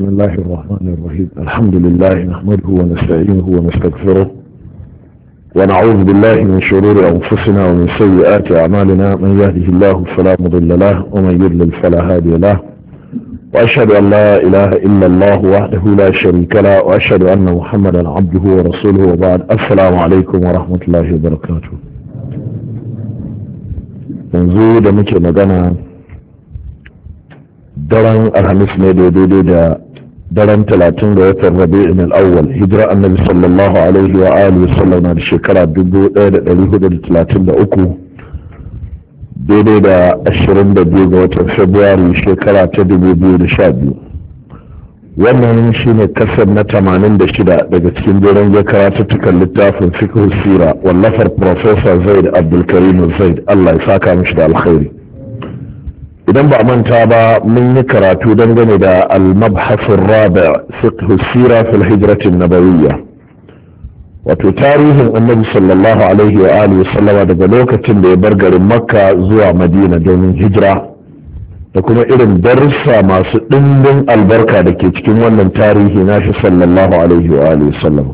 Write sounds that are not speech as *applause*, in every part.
بسم الله الرحمن الرحيم الحمد لله نحمده ونستعينه ونستغفره ونعوذ بالله من شرور أنفسنا ومن سيئات أعمالنا من يهده الله فلا مضل له ومن يضلل فلا هادي له وأشهد أن لا إله إلا الله وحده لا شريك له وأشهد أن محمدا عبده ورسوله وبعد السلام عليكم ورحمة الله وبركاته yanzu da muke daren alhamis ne daidai da daren talatin ga watan rabi'in al'awwal hijira annabi sallallahu alaihi wa alihi sallam na shekara uku, daidai da ashirin da biyu ga watan februari shekara ta dubu biyu da sha biyu. wannan shi ne kasar na tamanin da shida daga cikin jiran ya karatuttukan littafin fiqh sira wallafar professor zaid abdulkarim zaid allah ya saka mishi da alkhairi idan ba manta ba mun yi karatu dangane da almabhasin mabhasin rabi fiqh sira fil hijratin nabawiyya wato tarihin annabi sallallahu alaihi wa alihi sallama daga lokacin da ya bar garin makka zuwa madina domin hijira da kuma irin darussa masu ɗimbin albarka da ke cikin wannan tarihi nashi sallallahu alaihi wa alihi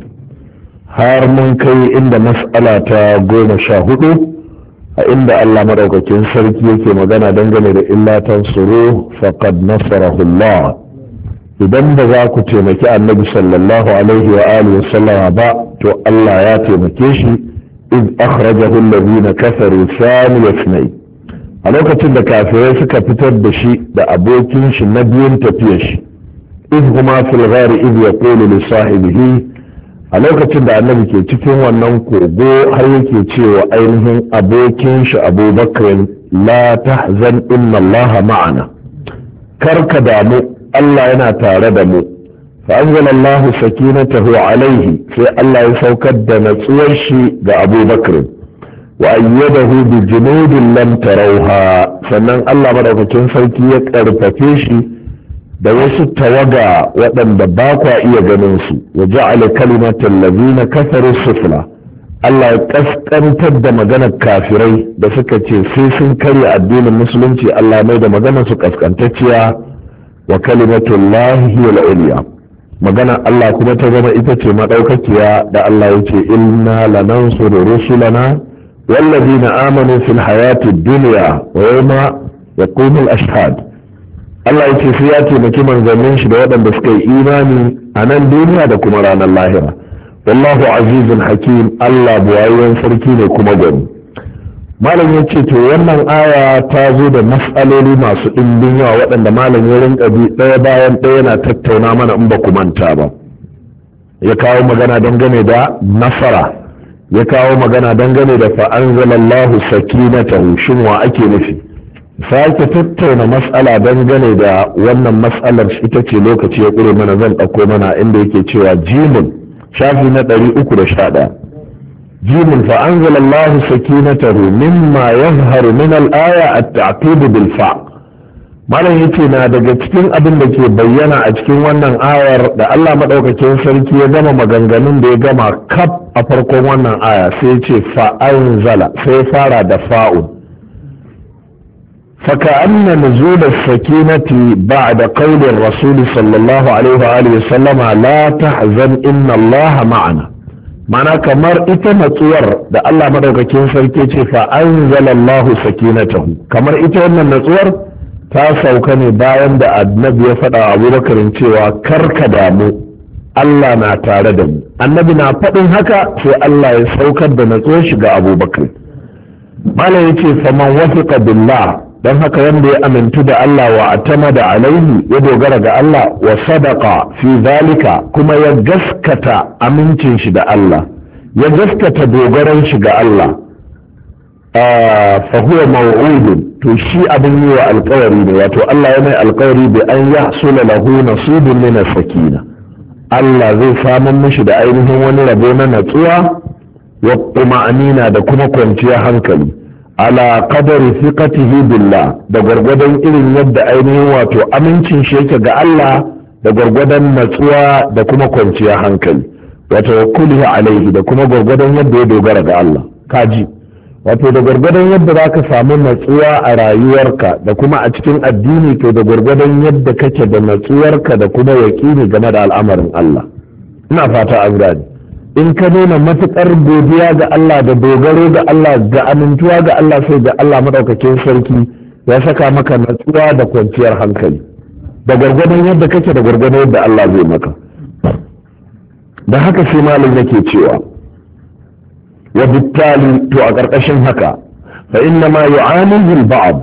har mun kai inda mas'ala ta goma sha hudu a inda Allah maɗaukacin sarki yake magana dangane da illatan tansuru faqad nasarahu idan ba za ku taimaki annabi sallallahu alaihi wa alihi sallama ba to Allah ya taimake shi id akhrajahu alladhina kafaru thani yasnai a lokacin da kafirai suka fitar da shi da abokin shi na biyun tafiyar shi id kuma fil ghari id yaqulu li sahibihi a lokacin da annabi ke cikin wannan kogo har yake cewa ainihin abokin shi abubakar la tahzan inna Allah ma'ana kar ka damu Allah yana tare da mu fa anzala Allah sakinatahu alaihi sai Allah ya saukar da natsuwar shi ga abubakar wa ayyadahu bi junudin lam tarawha sannan Allah madaukakin sarki ya karfafe shi da wasu tawaga waɗanda ba kwa iya ganin su ya ja'ala kalimatul ladina kafaru sufla Allah ya kaskantar da maganar kafirai da suka ce sai sun karya addinin musulunci Allah mai da maganar su kaskantacciya wa kalimatul lahi ulya magana Allah kuma ta zama ita ce maɗaukakiya da Allah ya ce inna lanansuru rusulana wallazina amanu fil hayati duniya wa yawma yaqumul ashhad Allah yake sai ya taimaki manzannin shi da waɗanda suka yi imani a nan duniya da kuma ranar lahira wallahu azizun hakim Allah buwayen sarki ne kuma gani. malam ya ce to wannan aya ta zo da matsaloli masu ɗimbin yawa waɗanda malam ya rinka bi ɗaya bayan ɗaya yana tattauna mana in ba ku manta ba ya kawo magana dangane da nasara ya kawo magana dangane da zalallahu sakinatahu shin wa ake nufi sake tattauna matsala gane da wannan matsalar ita ce lokaci ya ƙure mana zan ɗauko mana inda yake cewa jimin shafi na ɗari uku da sha ɗaya jimin fa an zala Allah sakinatahu mimma yazharu min al-aya at bil fa malam yace na daga cikin abin da ke bayyana a cikin wannan ayar da Allah madaukakin sarki ya gama maganganun da ya gama kaf a farkon wannan aya sai ya ce fa zala sai fara da fa'un فكأن نزول السكينة بعد قول الرسول صلى الله عليه وآله وسلم لا تحزن إن الله معنا معنى كمر إتمتور ده الله مدوك كين سيكيتي فأنزل الله سكينته كمر إتمن نتور تاسوكني باين ده النبي فدع أبو بكر انتوا كركدامو Allah na tare da mu annabi na faɗin haka sai Allah ya saukar da natsuwar shiga abubakar mala ya ce faman wasiƙa billah don haka wanda ya amintu da Allah wa atama da alaihi ya dogara ga Allah wa sadaka fi zalika kuma ya gaskata amincin shi da Allah ya gaskata dogaran shi ga Allah fa huwa maw'udun to shi abin yi wa alkawari ne wato Allah ya mai alkawari bi an yahsula lahu nasibun min sakina Allah zai samun mishi da ainihin wani rabo na natsuwa wa kuma amina da kuma kwanciyar hankali ala Kadar thiqatihi billah da gwargwadon irin yadda ainihin wato amincin shi yake ga Allah da gwargwadon natsuwa da kuma kwanciyar hankali wato tawakkulihi alaihi da kuma gwargwadon yadda ya dogara ga Allah kaji wato da gwargwadon yadda zaka ka samu natsuwa a rayuwarka da kuma a cikin addini to da gwargwadon yadda kake da matsuwarka da kuma yaqini game da al'amarin Allah ina fata an gani in ka nuna matuƙar godiya ga Allah da dogaro ga Allah ga amintuwa ga Allah sai ga Allah maɗaukakin sarki ya saka maka natsuwa da kwanciyar hankali da gwargwadon yadda kake da gwargwadon yadda Allah zai maka da haka sai malam yake cewa wa bittali to a ƙarƙashin haka fa inna ma yu'amilul ba'd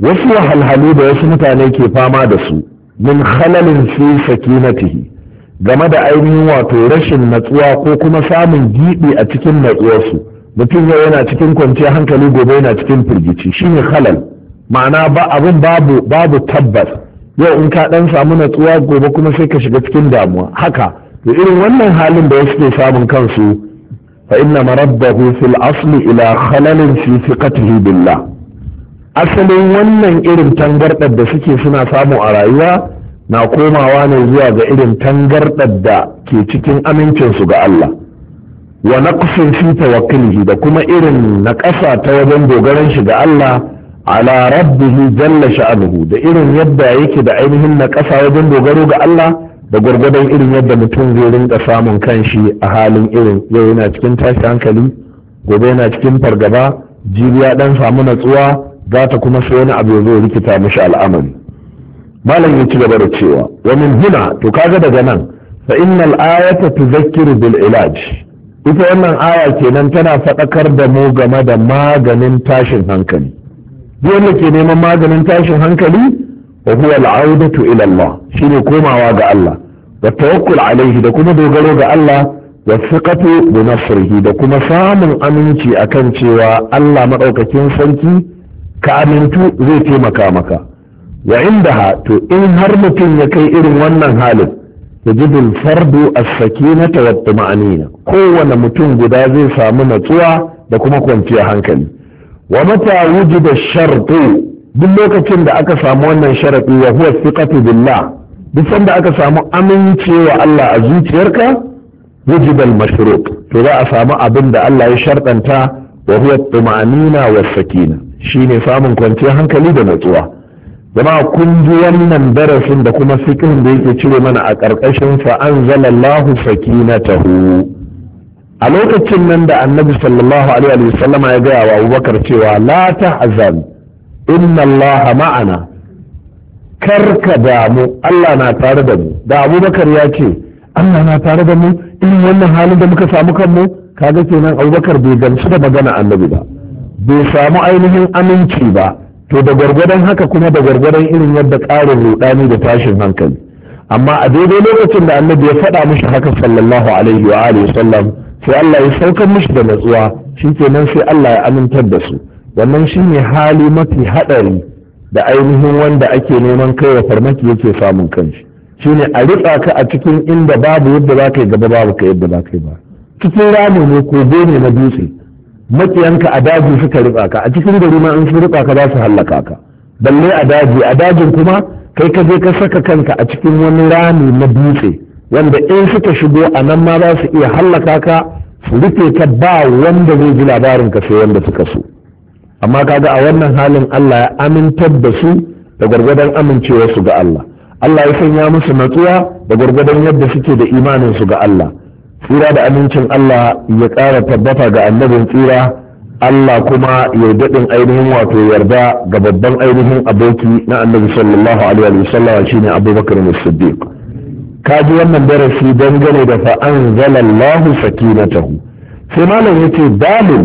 wasu wahalhalu da wasu mutane ke fama da su min khalalin fi sakinatihi game da ainihin wato rashin natsuwa ko kuma samun giɓi a cikin natsuwarsu mutum yau yana cikin kwanciyar hankali gobe yana cikin firgici shine halal ma'ana ba abin babu babu tabbas yau in ka dan samu natsuwa gobe kuma sai ka shiga cikin damuwa haka to irin wannan halin da wasu ke samun kansu fa inna marabbahu fil asli ila khalalin fi fiqatihi billah asalin wannan irin tangardar da suke suna samu a rayuwa na komawa ne zuwa ga irin tangardar da ke cikin amincinsu ga Allah wa naqsin fi tawakkilihi da kuma irin na ƙasa ta wajen dogaran shi ga Allah ala rabbihi jalla sha'anuhu da irin yadda yake da ainihin na ƙasa wajen dogaro ga Allah da gwargwadon irin yadda mutum zai rinka samun kanshi a halin irin yau yana cikin tashi hankali gobe yana cikin fargaba jibi ya dan samu natsuwa za ta kuma sai wani abu ya zo rikita mishi al'amari malam ya ci gaba da cewa wa min huna to kaga daga nan fa innal ayata tuzakkiru bil ilaj ita wannan aya kenan tana faɗakar da mu game da maganin tashin hankali duk wanda ke neman maganin tashin hankali wa huwa al'audatu ila Allah shine komawa ga Allah wa tawakkul alaihi da kuma dogaro ga Allah wa thiqatu bi nasrihi da kuma samun aminci akan cewa Allah madaukakin sarki ka amintu zai taimaka maka wa indaha to in har mutum ya kai irin wannan halin yajidul fardu as ta wa tuma'anina kowane mutum guda zai samu natsuwa da kuma kwanciyar hankali wa mata da shartu duk lokacin da aka samu wannan sharadi wa huwa thiqatu billah duk sanda aka samu amincewa Allah a zuciyarka wujida al-mashruq to za a samu abin da Allah ya sharɗanta wa huwa tuma'anina wa sakina shine samun kwanciyar hankali da natsuwa jama'a kun ji wannan darasin da kuma fikirin da yake cire mana a ƙarƙashin fa anzalallahu sakinatahu a lokacin nan da annabi sallallahu alaihi wa sallam ya gaya wa abubakar cewa la tahzan inna allaha ma'ana karka damu Allah na tare da mu da abubakar ya ce Allah na tare da mu in wannan halin da muka samu kanmu kaga kenan abubakar bai gamsu da magana annabi ba bai samu ainihin aminci ba to da gwargwadon haka kuma da gwargwadon irin yadda ƙarin rudani da tashin hankali amma a daidai lokacin da annabi ya faɗa mishi haka sallallahu alaihi wa alihi sallam sai Allah ya saukar mishi da natsuwa shikenan sai Allah ya amintar da su wannan shine hali mafi haɗari da ainihin wanda ake neman kai wa farmaki yake samun kanshi shine a ritsa ka a cikin inda babu yadda za ka yi gaba babu ka yadda za ka yi ba cikin rami ne ko ne na dutse makiyanka a daji suka riba ka a cikin gari ma in sun riba ka za su hallaka ka balle a daji a dajin kuma kai ka je ka saka kanka a cikin wani rami na dutse wanda in suka shigo a nan ma za su iya hallaka ka su rufe ka ba wanda zai ji labarin ka sai wanda suka so amma kaga a wannan halin Allah ya amintar da su da gwargwadon su ga Allah Allah ya sanya musu natsuwa da gwargwadon yadda suke da imanin su ga Allah tsira da amincin Allah ya ƙara tabbata ga annabin tsira Allah kuma ya daɗin ainihin wato yarda ga babban ainihin aboki na annabi sallallahu alaihi wa sallam shine Abubakar Siddiq ka ji wannan darasi dangane da fa anzalallahu sakinatahu sai malam yace dalil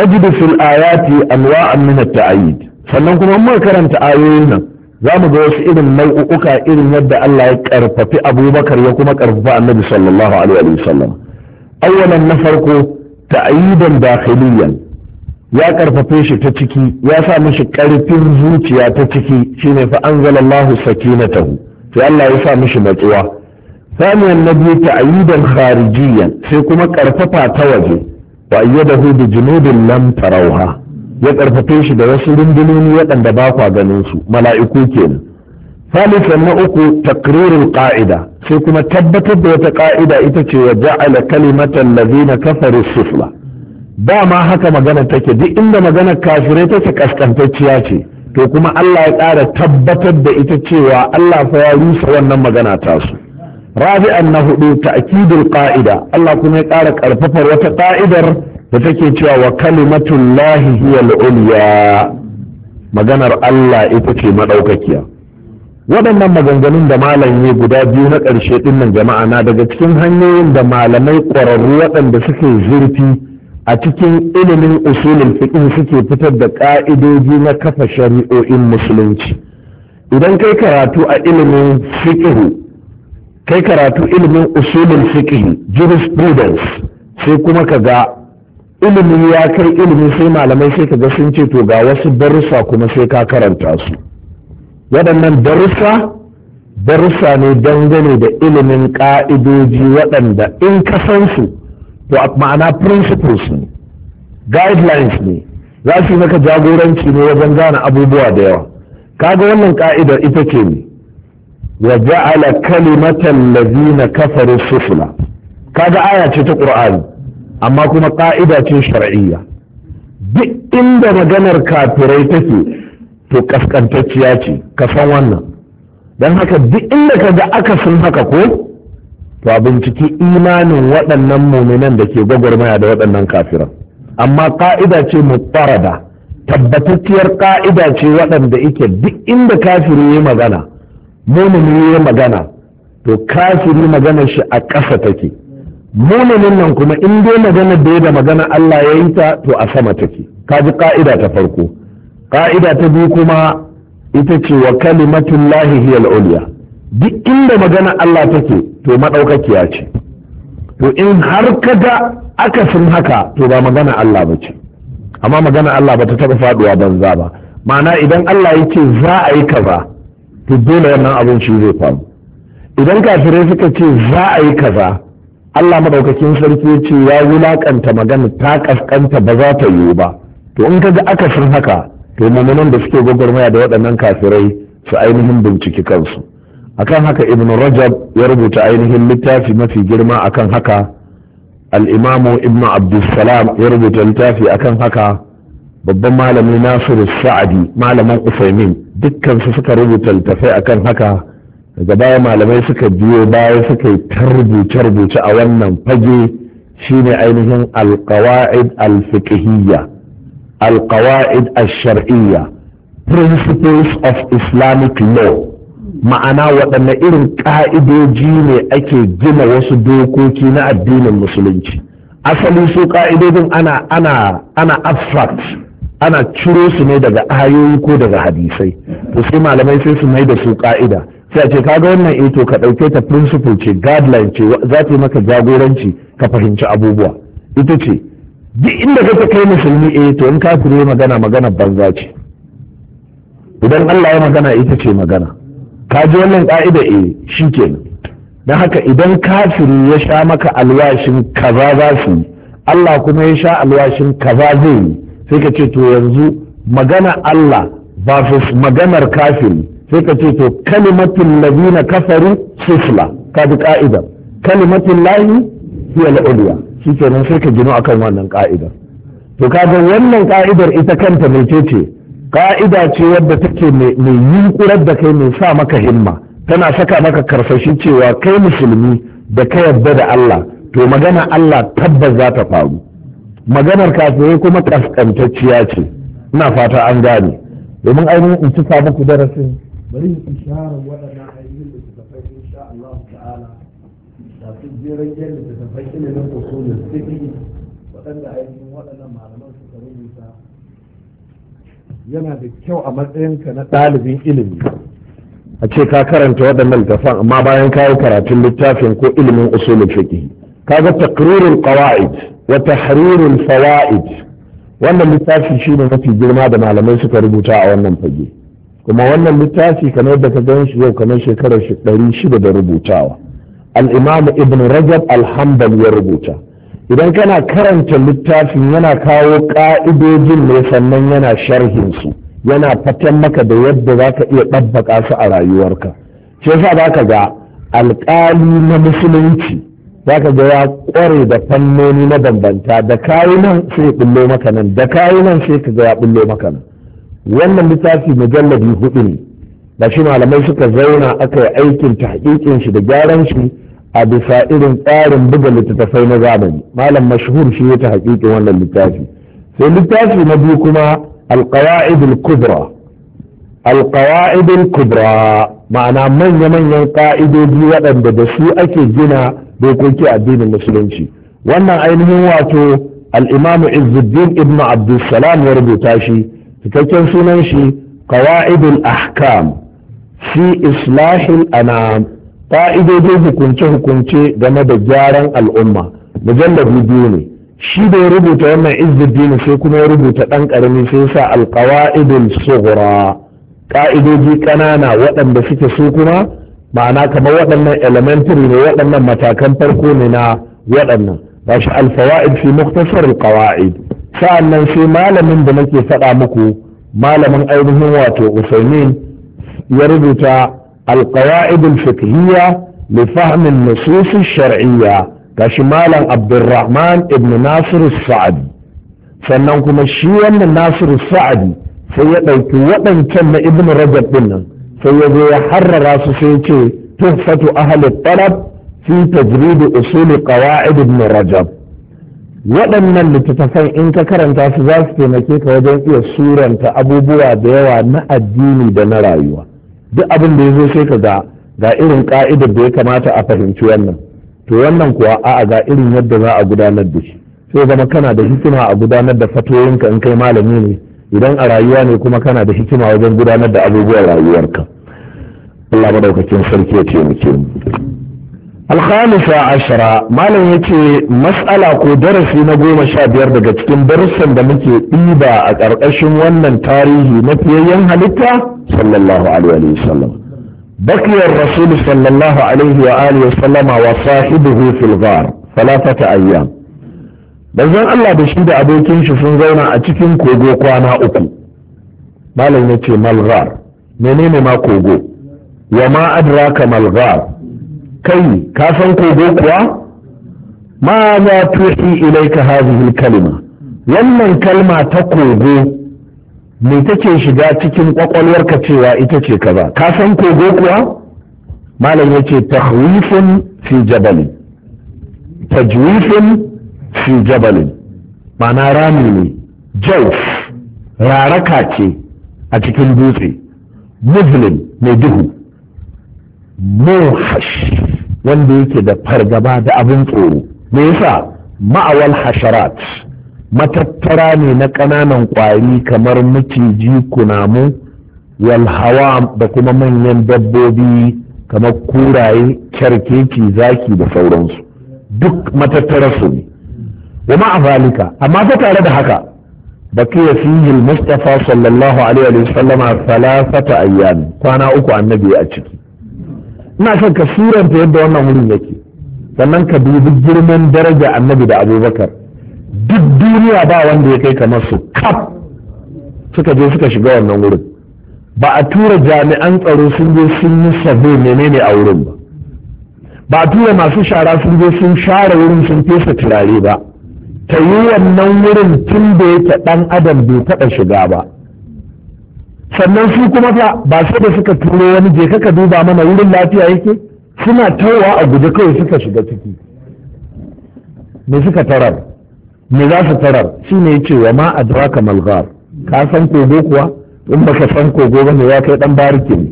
najdu fil ayati anwa'an min at-ta'yid sannan kuma mun karanta ayoyin nan za mu ga wasu irin nau'uka irin yadda Allah ya karfafi abubakar ya kuma karfafa annabi sallallahu alaihi wasallam awwalan na farko ta'ayidan dakhiliyan ya karfafe shi ta ciki ya sa mishi karfin zuciya ta ciki shine fa anzalallahu sakinatahu to Allah ya sa mishi matsuwa kuma النبي ta waje. سيكون كرفتا hudu وأيده nan لم rauha? ya ƙarfafe shi da wasu rundunoni waɗanda ba kwa ganin su mala'iku kenan salisan na uku takrirul ƙa'ida sai kuma tabbatar da wata ƙa'ida ita ce wa ja'ala kalimatan lazina kafaru sufla ma haka magana take duk inda magana kafirai take kaskantacciya ce to kuma Allah ya ƙara tabbatar da ita cewa Allah fa ya rusa wannan magana tasu rabi'an na hudu ta'kidul ƙa'ida Allah kuma ya ƙara ƙarfafar wata ƙa'idar da take cewa wa kalimatun lahi ulya maganar Allah ita ce madaukakiya waɗannan maganganun da malam ne guda biyu na ƙarshe ɗinnan jama'a na daga cikin hanyoyin da malamai ƙwararru waɗanda suke zurfi a cikin ilimin usulul fiqh suke fitar da ƙa'idoji na kafa shari'o'in musulunci idan kai karatu a ilimin fiqh kai karatu ilimin usulul fiqh jurisprudence sai kuma ka ga ilimi ya kai ilimi sai malamai sai kaga sun ce to ga wasu darussa kuma sai ka karanta su waɗannan darussa darussa ne dangane da ilimin ƙa'idoji waɗanda in ka san su to ma'ana principles ne guidelines ne za su yi maka jagoranci ne wajen gane abubuwa da yawa kaga wannan ƙa'idar ita ce ne wa ja'ala kalimatan ladina kafaru sufla kaga aya ce ta qur'ani amma kuma ƙa'ida ce shar'iyya duk inda maganar kafirai take to ƙasƙantacciya ce ka san wannan don haka duk inda ka ga aka sun haka ko to a binciki imanin waɗannan muminan da ke gwagwarmaya da waɗannan kafiran amma ƙa'ida ce mutarada tabbatacciyar ƙa'ida ce waɗanda ike duk inda kafiri ya magana mumini ya magana to kafiri magana shi a ƙasa take muminin nan kuma in dai magana da ya da magana Allah ya yi ta to a sama take ka ji ka'ida ta farko ka'ida ta biyu kuma ita ce wa kalimatun lahi hiyal uliya duk inda magana Allah take to madaukakiya ce to in har ka ga akasin haka to ba magana Allah ba ce amma magana Allah ba ta taɓa faduwa banza ba ma'ana idan Allah ya ce za a yi kaza to dole wannan abin shi zai faru idan kafirai suka ce za a yi kaza Allah madaukakin sarki ce ya wulakanta magana ta kaskanta ba za ta yiwu ba to in kaga akasin haka to mumunan da suke gwagwarmaya da waɗannan kafirai su ainihin binciki kansu akan haka ibn rajab ya rubuta ainihin littafi mafi girma akan haka Al al'imamu ibnu abdulsalam ya rubuta littafi akan haka babban malami nasiru sa'adi malaman usaimin dukkan su suka rubuta littafai akan haka daga baya malamai suka biyo baya suka yi tarbuce rubuce a wannan fage shine ainihin alƙawa'id alfiqhiyya alkawa'id ash-shar'iyya principles of islamic law ma'ana waɗanne irin ƙa'idoji ne ake gina wasu dokoki na addinin musulunci asali su ƙa'idodin ana ana ana abstract ana ciro su ne daga ayoyi ko daga hadisai to sai malamai sai su mai da su ƙa'ida sai a ce kaga wannan eto eh, ka ɗauke ta principle ce guideline ce za ta yi maka jagoranci ka fahimci abubuwa ita ce duk inda ka kai musulmi eh to in kafiri magana magana banza ce idan Allah ya magana ita ce magana ka ji wannan ka'ida eh, shi ke na haka idan kafiri ya sha maka alwashin kaza za su yi Allah kuma ya sha alwashin kaza zai yi sai ka ce to yanzu magana Allah ba su maganar kafiri sai ka ce to kalimatin ladina kafaru sufla ka bi ka'idar kalimatul lahi hiya shi ke nan sai ka gino akan wannan ka'idar to kaga wannan ka'idar ita kanta mai ce ka'ida ce wadda take mai yunkurar da kai mai sa maka himma tana saka maka karfashi cewa kai musulmi da ka yarda da Allah to magana Allah tabbas za ta faru maganar kafirai kuma kaskantacciya ce ina fata an gane domin ainihin in ci muku darasin bari mu isharar waɗannan hanyoyin da suka fai insha Allah ta'ala da su jiran yadda da tafai ilimin usulul fiqh waɗanda ainihin waɗannan malaman suka rubuta yana da kyau a matsayinka na ɗalibin ilimi a ce ka karanta waɗannan littafan amma bayan ka yi karatun littafin ko ilimin usulul fiqh kaga taqrirul qawaid wa tahrirul fawaid wannan littafi shine mafi girma da malamai suka rubuta a wannan fage kuma wannan littafi kamar da ka gan shi yau kamar shekarar shi ɗari shida da rubutawa al'imam ibn rajab alhambal ya rubuta idan kana karanta littafin yana kawo ƙa'idojin ne sannan yana sharhin su yana fatan maka da yadda za ka iya ɗabbaka su a rayuwarka shi yasa za ka ga alƙali na musulunci za ka ga ya ƙware da fannoni na bambanta da kayi nan sai ya ɓullo maka nan da kayi nan sai ka ga ya ɓullo maka nan wannan littafi mujalladi hudu ne da shi malamai suka zauna aka yi aikin tahqiqin shi da gyaran shi a bisa irin tsarin buga littattafai na zamani malam mashhur shi ya tahqiqin wannan littafi sai littafi na biyu kuma alqawaid al-kubra alqawaid al-kubra ma'ana manya-manyan ka'idoji waɗanda da su ake gina dokoki addinin musulunci wannan ainihin wato al-imamu izzuddin ibnu salam ya rubuta shi cikakken sunan shi qawa'idul ahkam fi islahil anam fa'idodin hukunce-hukunce game da gyaran al'umma mujallabi biyu ne shi da ya rubuta wannan izzuddin sai kuma ya rubuta ɗan ƙarami sai sa alqawaidul sughra ka'idoji ƙanana waɗanda suke su kuma ma'ana kamar waɗannan elementary ne waɗannan matakan farko ne na waɗannan Bashi alfawaid fi muktasar alqawaid sa'annan sai malamin da nake faɗa muku malamin ainihin wato usaimin ya rubuta alqawaid alfiqhiyya li fahm an-nusus ga shariyya gashi malam abdurrahman ibn nasir sa'adi sannan kuma shi wannan nasir sa'adi sai ya ɗauki waɗancan na ibn rajab ɗin nan sai ya zo ya harrara su sai ce tuhfatu ahli talab fi tajrid usuli qawaid ibn rajab waɗannan littattafan in ka karanta su za su taimake ka wajen iya suranta abubuwa da yawa na addini da na rayuwa duk abin da ya zo sai ka ga ga irin ka'idar da ya kamata a fahimci wannan to wannan kuwa a'a ga irin yadda za a gudanar da shi sai zama kana da hikima a gudanar da fatoyinka in kai malami ne idan a rayuwa ne kuma kana da hikima wajen gudanar da abubuwan rayuwarka Allah madaukakin sarki ya taimake mu alhamisa ashira malam ya ce matsala ko darasi na goma sha biyar daga cikin darussan da muke ɗiba a ƙarƙashin wannan tarihi na fiyayyen halitta sallallahu alaihi wa bakiyar sallallahu alaihi wa alihi wa sallama wa sahibihi fil ghar falafata ayyam bazan Allah da shi da abokin shi sun zauna a cikin kogo kwana uku malam ya ce malghar menene ma kogo wa ma adraka malghar kai ka san kogo kuwa ma za tuhi ilaika hadhihi kalima wannan kalma ta kogo me take shiga cikin kwakwalwarka cewa ita ce kaza ka san kogo kuwa malam yace tahwifun fi jabal tajwifin fi jabal ma'ana rami ne jauf raraka ce a cikin dutse muslim mai duhu mohash wanda yake da fargaba da abin tsoro me yasa ma'awal hasharat matattara ne na ƙananan ƙwari kamar maciji kunamu wal hawa da kuma manyan dabbobi kamar kuraye kyarkeci zaki da sauransu duk matattara su ne wa ma'azalika amma ta tare da haka bakiya fihi al-mustafa sallallahu alaihi wa sallama thalathata ayyam kwana uku annabi a ciki ina son ka suranta yadda wannan wurin yake sannan ka dubi girman daraja annabi da abubakar duk duniya ba wanda ya kai kamar su kaf suka je suka shiga wannan wurin ba a tura jami'an tsaro sun je sun yi sabo menene a wurin ba ba a tura masu shara sun je sun share wurin sun fesa turare ba ta yi wannan wurin tun da yake ɗan adam bai taɓa shiga ba sannan su kuma fa ba sai da suka turo wani je ka duba mana wurin lafiya yake suna tawa a guje kawai suka shiga ciki me suka tarar me za su tarar shine yace wa ma adraka malghar ka san kogo kuwa in baka san kogo ba ne ya kai dan bariki ne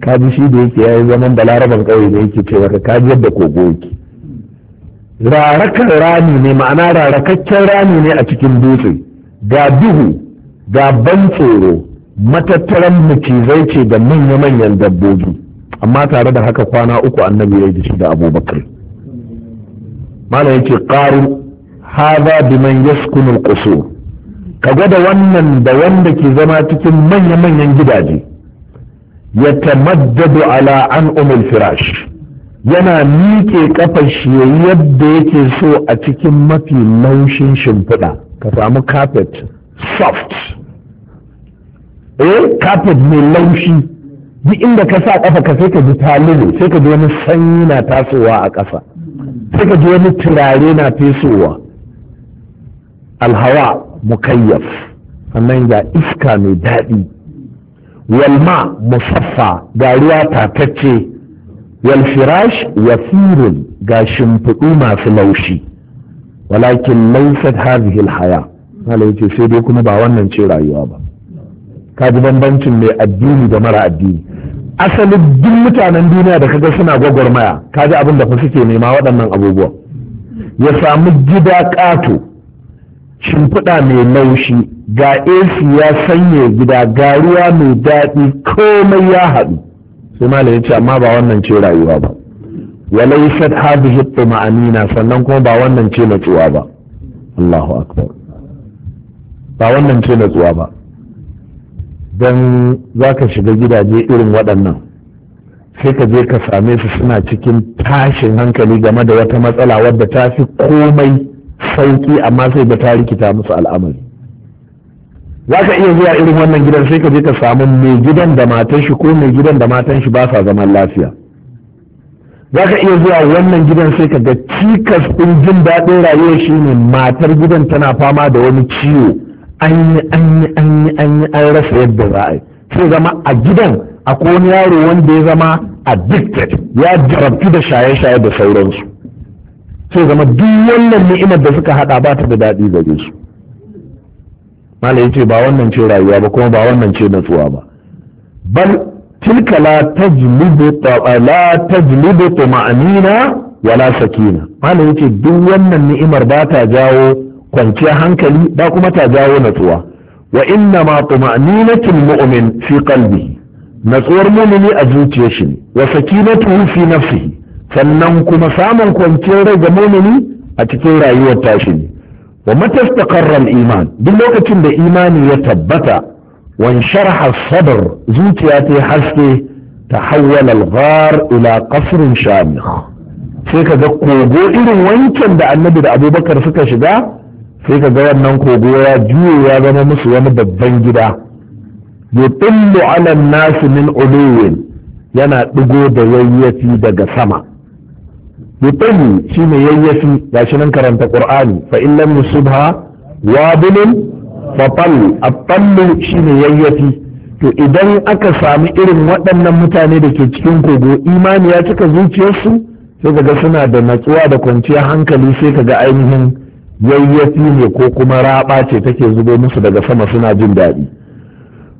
ka ji shi da yake yayi zaman balaraban kauye da yake cewa ka ji yadda kogo yake rarakan rami ne ma'ana rarakakken rami ne a cikin dutse ga duhu ga ban tsoro matattaran macizai ce da manya-manyan dabbobi amma tare da haka kwana uku annabi ya ji da abubakar mana yake ƙaru haza man yaskunu kuso? ka gwada wannan da wanda ke zama cikin manya-manyan gidaje ya tamaddadu ala an umul firash yana miƙe kafar shi yadda yake so a cikin mafi laushin shimfiɗa ka samu carpet soft eh carpet mai laushi duk inda ka sa kafa ka sai ka ji talibu sai ka ji wani sanyi na tasowa a ƙasa sai ka ji wani turare na fesowa alhawa mukayyaf sannan ga iska mai daɗi walma musaffa ga ruwa tatacce walfirash wasirin ga shimfiɗu masu laushi walakin laisat hadhihi alhaya Allah sai dai kuma ba wannan ce rayuwa ba ka ji bambancin mai addini da mara addini asalin duk mutanen duniya da kaga suna gwagwarmaya ka ji abin da fa suke nema waɗannan abubuwan ya samu gida ƙato shimfiɗa mai laushi ga AC ya sanya gida ga ruwa mai daɗi komai ya haɗu sai malam ya ce amma ba wannan ce rayuwa ba walaysat hadhihi tumaanina sannan kuma ba wannan ce natsuwa ba Allahu akbar ba wannan ce natsuwa ba don za ka shiga gidaje irin waɗannan sai ka je ka same su suna cikin tashin hankali game da wata matsala wadda ta fi komai sauki amma sai ba ta rikita musu al'amari za ka iya zuwa irin wannan gidan sai ka je ka samu mai gidan da matan shi ko mai gidan da matan shi ba sa zaman lafiya za ka iya zuwa wannan gidan sai ka ga cikas ɗin jin daɗin rayuwa shine matar gidan tana fama da wani ciwo an yi an yi an yi an rasa yadda za a yi sai zama a gidan akwai wani yaro wanda ya zama addicted ya jarabtu da shaye-shaye da sauransu sai zama duk wannan ni'imar da suka hada ba ta da daɗi gare su mala ce ba wannan ce rayuwa ba kuma ba wannan ce natsuwa ba bal tilka la tajlibu la tajlibu ma'amina wala sakina mala ce duk wannan ni'imar ba ta jawo kwanciyar hankali ba kuma ta jawo natsuwa wa inna ma tuma'ninatul mu'min fi qalbi natsuwar mumini a zuciyar shi ne wa sakinatu fi nafsihi sannan kuma samun kwanciyar rai ga mumini a cikin rayuwar tashi wa matastaqarra iman duk lokacin da imani ya tabbata wan sharha sadr zuciya ta haske ta hawwala al-ghar ila qasrin shamikh sai kaga kogo irin wancan da annabi da abubakar suka shiga sai ka ga wannan kogo ya juye ya zama musu wani babban gida yutillu ala nasu min uluwin yana ɗigo da yayyafi daga sama yutillu shine yayyafi shi nan karanta qur'ani fa in lam yusibha wabilun fa tall at shi ne yayyafi to idan aka sami irin waɗannan mutane da ke cikin kogo imani ya cika zuciyarsu sai kaga suna da natsuwa da kwanciyar hankali sai kaga ainihin yayyafi ne ko kuma raba ce take zubo musu daga sama suna jin daɗi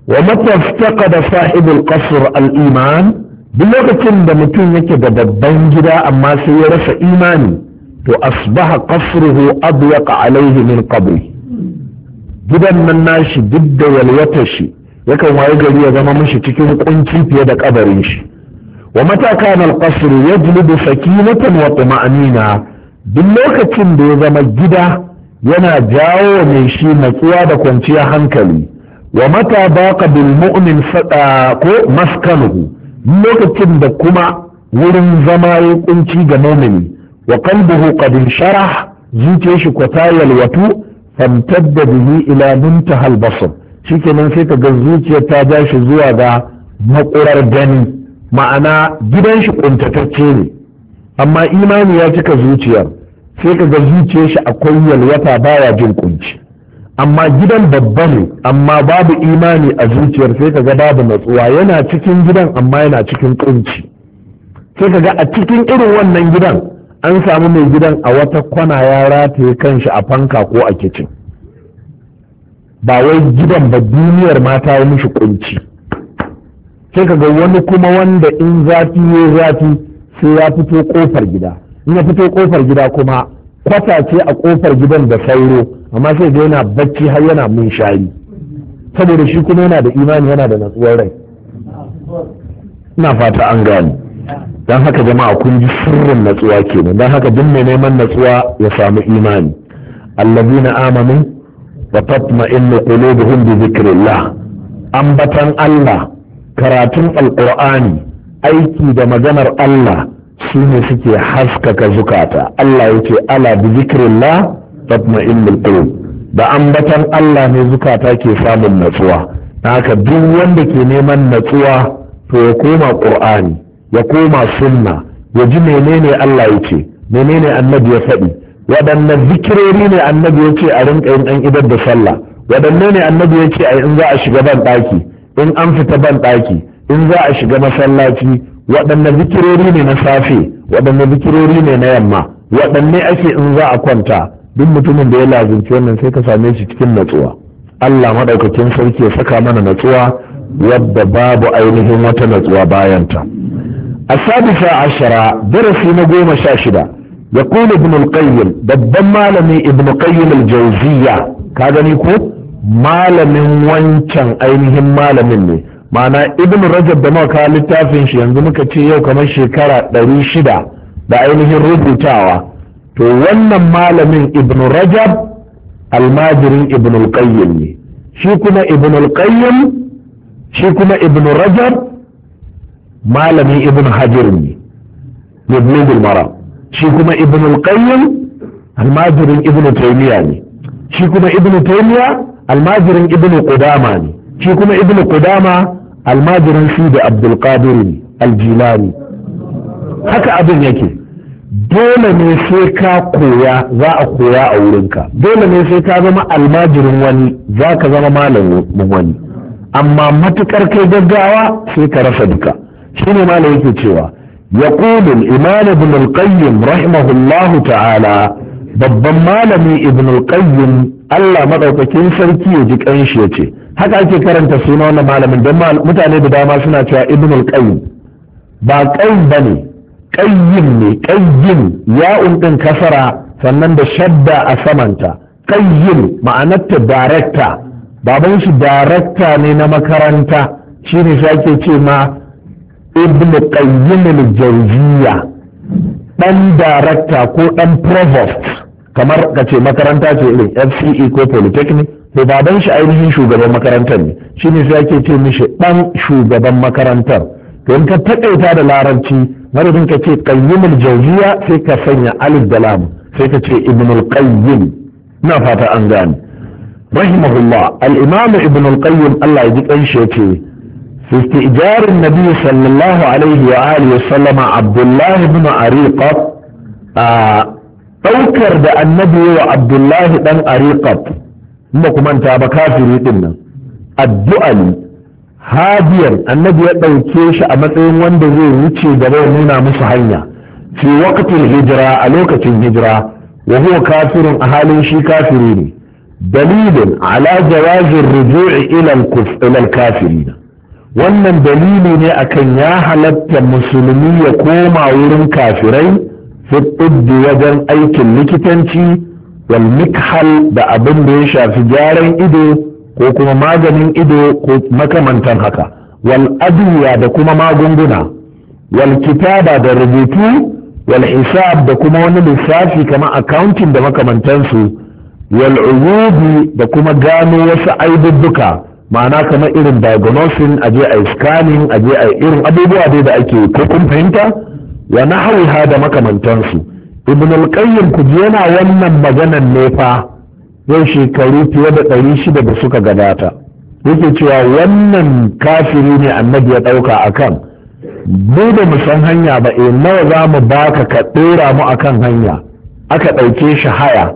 wa mataftaka da sahibul qasr al iman duk lokacin da mutum yake da babban gida amma sai ya rasa imani to asbaha qasruhu adwaqa alaihi min qabri gidan nan nashi duk da yalwatar shi yakan waye gari ya zama mishi cikin kunci fiye da kabarin shi wa mata kana al qasr yajlibu sakinatan wa tuma'nina duk lokacin da ya zama gida yana jawo mai shi matsuwa da kwanciya hankali wa mata ka bil mu'min ko maskanuhu lokacin da kuma wurin zama ya kunci ga mumini wa qalbuhu qad sharah zuciyar shi kwata yalwatu famtadda bihi ila muntaha al basar shikenan sai ka ga zuciyar ta ja shi zuwa ga makurar gani ma'ana gidan shi kuntatacce ne amma imani ya cika zuciyar sai ka ga zuciyar shi akwai yalwata baya jin kunci amma gidan babba ne amma babu imani a zuciyar sai ka ga babu natsuwa yana cikin gidan amma yana cikin kunci sai ka ga a cikin irin wannan gidan an samu mai gidan a wata kwana ya rataye kanshi a fanka ko a kicin ba wai gidan ba duniyar mata ya mishi kunci sai ka ga wani kuma wanda in zafi ya zafi sai ya fito kofar gida in ya fito kofar gida kuma kwata ce a kofar gidan da sauro amma sai da yana bacci har yana mun shayi saboda shi kuma yana da imani yana da natsuwar rai ina fata an gani don haka jama'a kun ji sirrin natsuwa kenan don haka duk mai neman natsuwa ya samu imani allazina amanu wa tatma'innu qulubuhum bi dhikrillah ambatan Allah karatun alqur'ani aiki da maganar Allah shi ne suke haskaka zukata Allah ya ce ala bi zikrillah tatma'innul qulub da ambatan Allah ne zukata ke samun natsuwa haka duk wanda ke neman natsuwa to ya koma qur'ani ya koma sunna ya ji menene Allah ya ce menene annabi ya faɗi waɗanne zikirori ne annabi ya ce a rinka yin ɗan idar da sallah waɗanne ne annabi ya ce a in za a shiga ban ɗaki in an fita ban ɗaki in za a shiga masallaci waɗanne zikirori ne na safe waɗanne zikirori ne na yamma waɗanne ake in za a kwanta duk mutumin da ya lazimci wannan sai ka same shi cikin natsuwa Allah maɗaukacin sarki ya saka mana natsuwa wadda babu ainihin wata natsuwa bayanta السادسة عشرة درس نجوم شاشدة يقول ابن القيم babban malami ابن قيم الجوزية كاغني كو malamin wancan ainihin malamin ne ma'ana ibn rajab da muka littafin shi yanzu muka ce yau kamar shekara ɗari shida da ainihin rubutawa to wannan malamin ibn rajab almajirin ibn al ne shi kuma ibn al shi kuma ibn rajab malamin ibn hajar ne ibn mara shi kuma ibn al almajirin ibn taymiya ne shi kuma ibn taymiya almajirin ibn qudama ne shi kuma ibnu Kudama, almajirin shi da abdulkadir qadir aljilani haka abin yake dole ne sai ka koya za a koya a wurinka dole ne sai ka zama almajirin wani za ka zama malamin wani amma matukar kai gaggawa sai ka rasa duka shine malam yake cewa يقول الإمام ابن القيم رحمه الله ta'ala, babban malami ibn al-qayyim Allah maɗaukakin sarki ya ji ya ce. haka ake karanta suna wannan malamin don mutane da dama suna cewa al qayyim ba qayyim bane qayyim ne qayyim ya'un din kasara sannan da shadda a samanta qayyim ma'anarta director baban shi director ne na makaranta shine shi ake ce ma ibn qayyim al-jawziya dan director ko dan provost kamar kace makaranta ce irin FCE ko polytechnic to baban shi ainihin shugaban makarantar ne shi ne sai ake ce mishi dan shugaban makarantar to in ka takaita da larabci madadin ka ce qayyimul jawziya sai ka sanya alif da lam sai ka ce ibnul qayyim ina fata an gane rahimahullah al-imam ibnul qayyim Allah ya ji kanshi yace في استئجار النبي صلى الله عليه وآله وسلم عبد الله بن عريقة ɗaukar da annabi wa abdullahi ɗan ariqat makumanta ku manta ba kafiri din nan addu'a ne hadiyar annabi ya ɗauke shi a matsayin wanda zai wuce gaba ya nuna musu hanya fi waqtil hijira a lokacin hijira wa huwa a halin shi kafiri ne dalilin ala jawazin ruju'i ila al-kafirina wannan dalili ne akan ya halatta musulmi ya koma wurin kafirai fi wajen aikin likitanci wal mikhal da abin da ya shafi gyaran ido ko kuma maganin ido ko makamantan haka wal da kuma magunguna wal kitaba da rubutu wal hisab da kuma wani lissafi kamar accounting da makamantansu wal da kuma gano wasu aibubbuka ma'ana kamar irin diagnosing je a scanning je a irin abubuwa dai da ake ko kun fahimta wa nahwiha da makamantansu ibn al-qayyim yana wannan maganan ne fa yau shekaru fiye da ɗari shida da suka gabata yake cewa wannan kafiri ne annabi ya ɗauka akan mu da mu san hanya ba e nawa za mu baka ka ɗora mu akan hanya aka ɗauke shi haya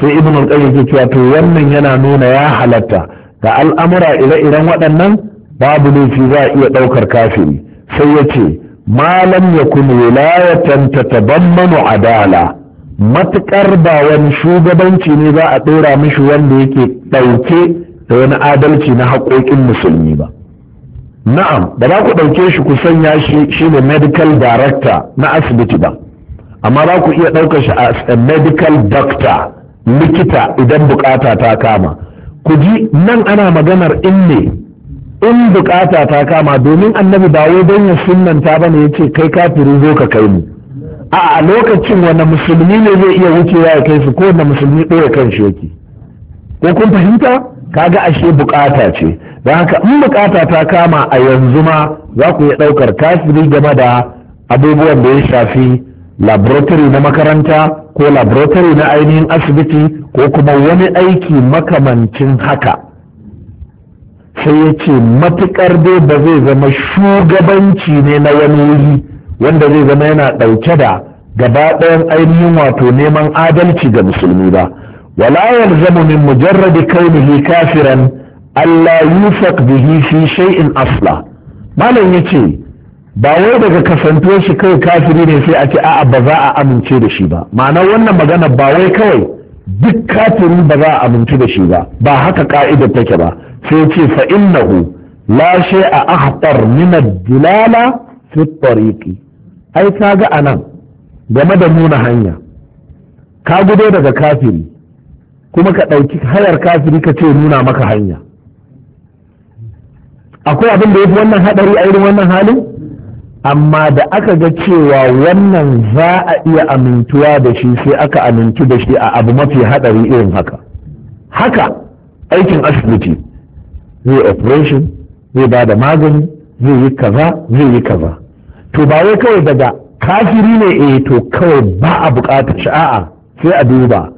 sai ibn al-qayyim yake cewa to wannan yana nuna ya halatta da al'amura ire-iren waɗannan babu laifi za a iya ɗaukar kafiri sai ya ce ma lam yakun wilayatan tatabammanu adala matukar ba wani shugabanci ne za a ɗora mishi wanda yake ɗauke da wani adalci na haƙoƙin musulmi ba na'am ba za ku ɗauke shi ku sanya shi shi medical director na asibiti ba amma za ku iya ɗauka shi as a medical doctor likita idan bukata ta kama ku ji nan ana maganar in ne in bukata ta kama domin annabi ba wai don ya sunnanta ba ne ya ce kai kafiri zo ka kai mu a lokacin wanda musulmi ne zai iya wucewa ya kai su ko wanda musulmi ɗaya kan shi yake ko kun fahimta kaga ashe bukata ce don haka in bukata ta kama a yanzu ma za ku iya ɗaukar kafiri game da abubuwan da ya shafi laboratory na makaranta ko laboratory na ainihin asibiti ko kuma wani aiki makamancin haka sai ya ce matuƙar dai ba zai zama shugabanci ne na wani wuri wanda zai zama yana ɗauke da gaba ɗayan ainihin wato neman adalci ga musulmi ba wala yalzamu min mujarradi kaunihi kafiran Allah yufaq bihi fi shay'in asla malam yace ba wai daga kasantuwar shi kai kafiri ne sai a ce a'a ba za a amince da shi ba ma'ana wannan magana ba wai kawai duk kafiri ba za a amince da shi ba ba haka ka'idar take ba sai ce fa lashe a a akhtar min ad-dilala fi tariqi ai a anan game da nuna hanya ka gudo daga kafiri kuma ka ɗauki hayar kafiri ka ce nuna maka hanya akwai abin da ya fi wannan haɗari a irin wannan halin amma da aka ga cewa wannan za a iya amintuwa da shi sai aka amintu da shi a abu mafi haɗari irin haka haka aikin asibiti zai operation zai ba da magani zai yi kaza zai yi kaza to ba wai kawai daga kafiri ne eh to kawai ba a bukatar shi a'a sai a duba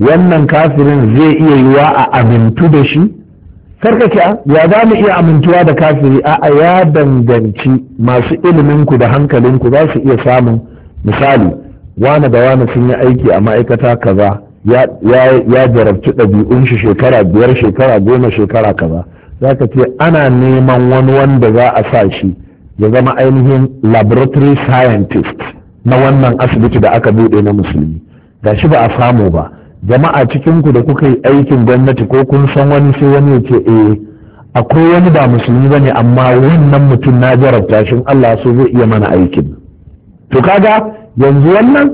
wannan kafirin zai iya yiwa a amintu da shi karkace ya za mu iya amintuwa da kafiri a a ya danganci masu iliminku da hankalinku za su iya samun misali wane da wane sun yi aiki a ma'aikata kaza ya jarabci ɗabi'un shi shekara biyar shekara goma shekara kaza za ka ce ana neman wani wanda za a sa shi ya zama ainihin laboratory scientist na wannan asibiti da aka bude na musulmi ga shi ba a samu ba jama'a cikinku da kuka yi aikin gwamnati ko kun san wani sai wani ya ce eh akwai wani ba musulmi ne amma wannan mutum na jarabta shin Allah so zai iya mana aikin to kaga yanzu wannan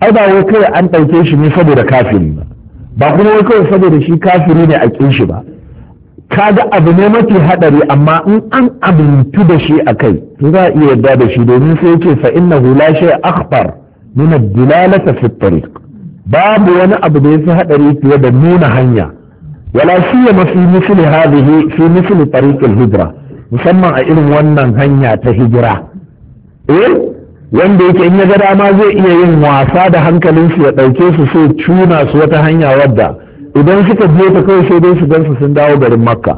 ai ba wai kai an ɗauke shi ne saboda kafiri ba ba kuma wai kai saboda shi kafiri ne a kin shi ba kaga abu ne mafi hadari amma in an abintu da shi a kai to za a iya yarda da shi domin sai ce fa innahu hula shi akhbar min ad-dilalati babu wani abu da yafi hadari fiye da nuna hanya wala siyama fi misli hadhihi fi misli tariq al musamman a irin wannan hanya ta hijira eh wanda yake in ya ga dama zai iya yin wasa da hankalin su ya ɗauke su sai cuna su wata hanya wadda idan suka je ta kawai sai dai su su sun dawo garin makka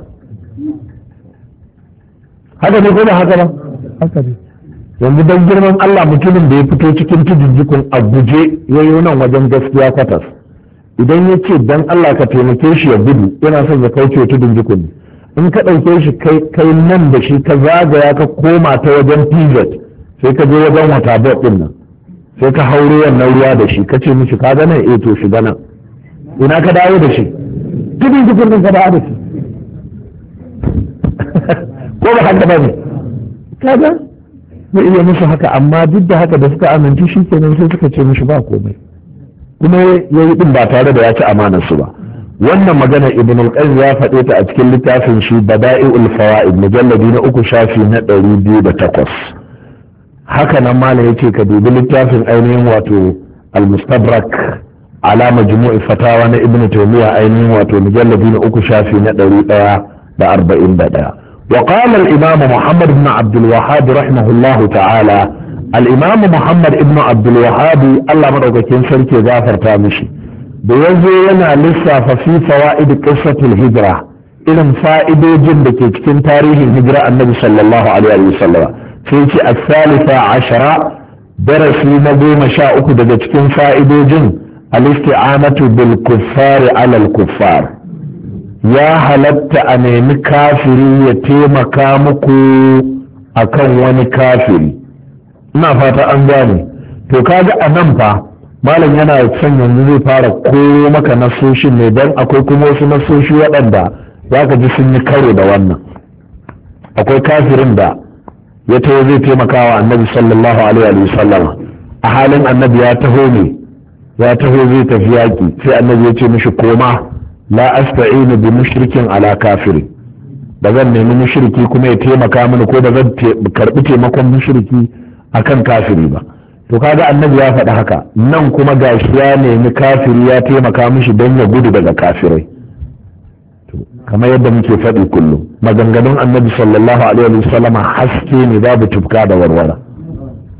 haka ne ko ba haka ba haka ne yanzu dan girman Allah mutumin da ya fito cikin tijjikun abuje guje nan wajen gaskiya kwatas idan ya ce don Allah ka taimake shi ya gudu yana son ya kauce tudujjikun in ka ɗauke shi kai nan da shi ka zagaya ka koma ta wajen pivot sai ka je wajen wata ɗin nan sai ka haure wannan ruwa da shi ka ce mishi ka gane eh to shiga nan ina ka dawo da shi tudun zukurin ka dawo da shi ko ba haka ba ne kaga zai iya musu haka amma duk da haka da suka amince shi nan sai suka ce mishi ba komai kuma ya yi din ba tare da ya ci amanar su ba wannan magana ibn al-qayyim ya faɗe ta a cikin littafin shi bada'i'ul fawaid mujalladi na uku shafi na ɗari biyu da takwas haka nan malam yace ka dubi littafin ainihin wato al-mustabrak ala majmu'i fatawa na ibnu taymiya ainihin wato mujalladi na uku shafi na ɗari ɗaya da arba'in da ɗaya wa qala al-imam muhammad ibn abd al-wahhab ta'ala al-imam muhammad ibn abd al-wahhab Allah madaukakin sarki gafarta mishi da yanzu yana lissafa fi fawaid qissatul hijra irin fa'idojin da ke cikin tarihin hijira annabi sallallahu alaihi wa sallam sai ce as-salisa ashara darasi na goma sha uku daga cikin fa'idojin al-isti'anatu bil kuffari alal kuffar ya halatta a nemi kafiri ya taimaka maku akan wani kafiri ina fata an gane to kaga a nan fa malam yana son yanzu zai fara koro maka nasoshi ne don akwai kuma wasu nasoshi waɗanda za ka ji sun yi karo da wannan akwai kafirin da ya taho zai taimakawa annabi sallallahu alaihi wa sallama a halin annabi ya taho ne ya taho zai tafi yaƙi sai annabi ya ce mishi koma la asta'inu bi mushrikin ala kafiri ba zan nemi mushriki kuma ya taimaka mini ko ba zan karbi taimakon mushriki akan kafiri ba to kaga annabi ya faɗi haka nan kuma gashi ya nemi kafiri ya taimaka mishi don ya gudu daga kafirai kamar yadda muke faɗi kullum maganganun annabi sallallahu alaihi wa haske ne babu tufka da warwara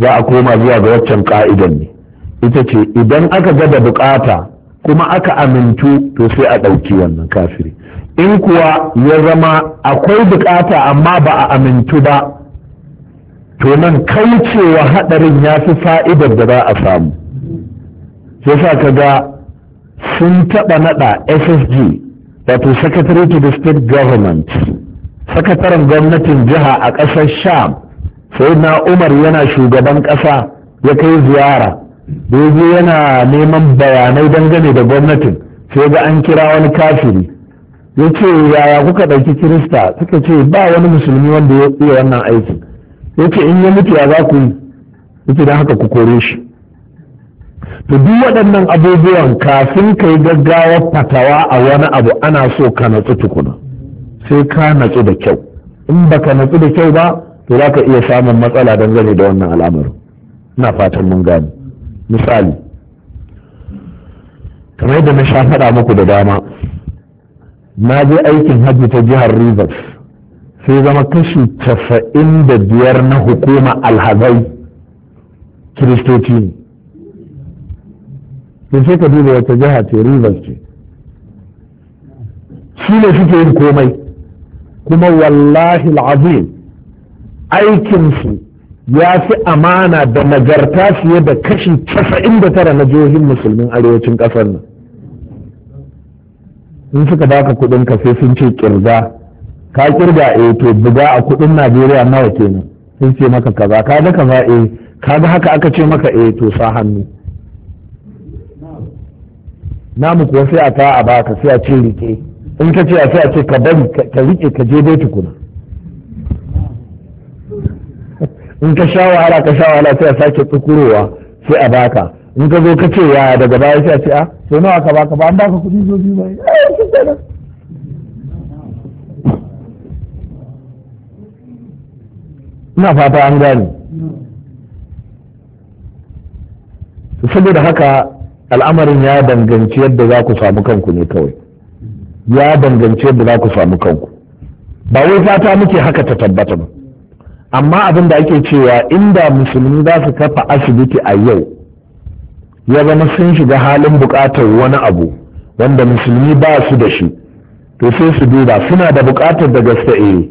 za a koma zuwa ga waccan ka'idan ne ita ce idan aka ga da bukata kuma aka amintu to sai a ɗauki wannan kafiri in kuwa ya zama akwai bukata amma ba a amintu ba to nan kaucewa haɗarin ya fi fa'idar da za a samu sai sa ka ga sun taɓa naɗa ssg wato secretary to the state government sakataren gwamnatin jiha a ƙasar sham sai na umar yana shugaban ƙasa ya kai ziyara da yana neman bayanai dangane da gwamnatin sai ga an kira wani kafiri ya ce yaya kuka ɗauki kirista suka ce ba wani musulmi wanda ya iya wannan aiki ya ce in ya mutu ya za ku yi ya don haka ku kore shi to duk waɗannan abubuwan kafin ka yi gaggawa fatawa a wani abu ana so ka natsu tukuna sai ka natsu da kyau in ba ka natsu da kyau ba to za ka iya samun matsala dangane da wannan al'amarin ina fatan mun gane misali kamar yadda na sha faɗa muku da dama na je aikin hajji ta jihar rivers sai zama kashi casa'in da biyar na hukuma alhazai kiristoci ne sai ka duba wata jiha ce rivers ce shi ne suke yin komai kuma wallahi al'azim aikinsu ya fi amana da nagarta fiye da kashi casa'in da tara na jihohin musulmin arewacin kasar nan in suka baka kudin ka sai sun ce kirga ka kirga eh to buga a kuɗin najeriya nawa kenan sun ce maka kaza ka ga kaza eh ka ga haka aka ce maka eh to sa hannu namu kuwa sai a ta a baka sai a ce rike in ka ce a sai a ce ka bari ka rike ka je dai tukuna in ka sha wahala ka sha wahala sai a sake tsukurowa sai a baka in ka zo ka ce ya daga baya sai a ce a sai nawa ka baka ba an baka kuɗi zo biyu ba eh, ina fata an gane saboda haka al'amarin ya danganci yadda za ku samu kanku ne kawai ya danganci yadda za ku samu kanku ba wai fata muke haka ta tabbata ba amma abin da ake cewa inda musulmi za su kafa asibiti a yau ya zama sun shiga halin bukatar wani abu wanda musulmi ba su da shi to sai su duba suna da bukatar da gaske eh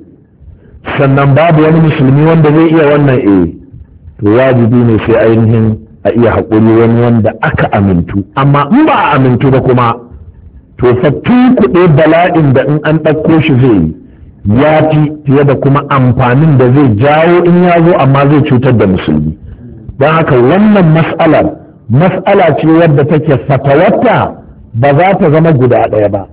sannan babu wani musulmi wanda zai iya wannan eh to wajibi ne sai ainihin a iya haƙuri wani wanda aka amintu amma in ba a amintu ba kuma to fattun kuɗe bala'in da in an ɗauko shi zai yi ya fi fiye da kuma amfanin da zai jawo in ya zo amma zai cutar da musulmi don haka wannan mas'alar mas'ala ce wadda take fatawarta ba za ta zama guda ɗaya ba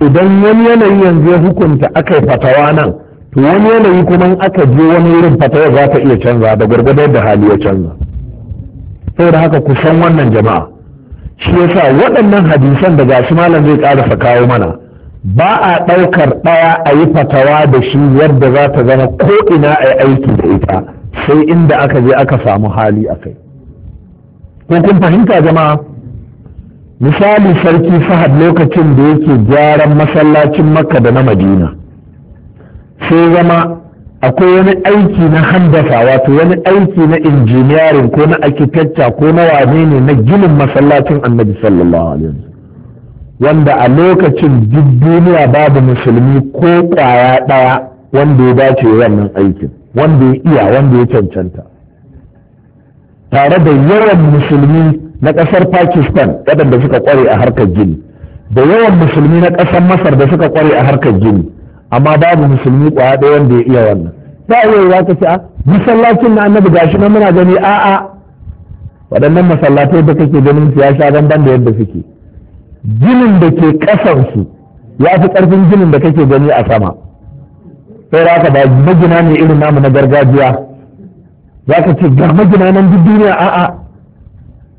idan wani yanayi yanzu ya hukunta aka yi fatawa nan to wani yanayi kuma aka je wani wurin fatawa za ta iya canza da gwargwadon da hali ya canza saboda haka kusan wannan jama'a shi yasa waɗannan hadisan da gashi malam zai ƙarasa kawo mana ba a ɗaukar ɗaya a yi fatawa da shi yadda za ta zama ko ina a yi aiki da ita sai inda aka je aka samu hali a kai ko kun fahimta jama'a misali sarki fahad lokacin da yake gyaran masallacin makka da na madina sai zama akwai wani aiki na handasa wato wani aiki na injiniyarin ko na architecture ko na wane ne na ginin masallacin annabi sallallahu alaihi wasallam wanda a lokacin duk duniya babu musulmi ko kwaya ɗaya wanda ya dace wannan aikin wanda ya iya wanda ya cancanta tare da yawan musulmi na ƙasar pakistan waɗanda suka ƙware a harkar gini da yawan musulmi na ƙasar masar da suka ƙware a harkar gini amma babu musulmi kwaya ɗaya wanda ya iya wannan ta iya ya ta ce a ah, masallacin na annabi gashi na muna gani a'a waɗannan masallatai da kake ganin su ya sha bamban da yadda suke ginin da ke kasansu ya fi ƙarfin ginin da kake gani a sama sai da haka ba magina ne irin namu na gargajiya za ka ce ga magina nan duk duniya a'a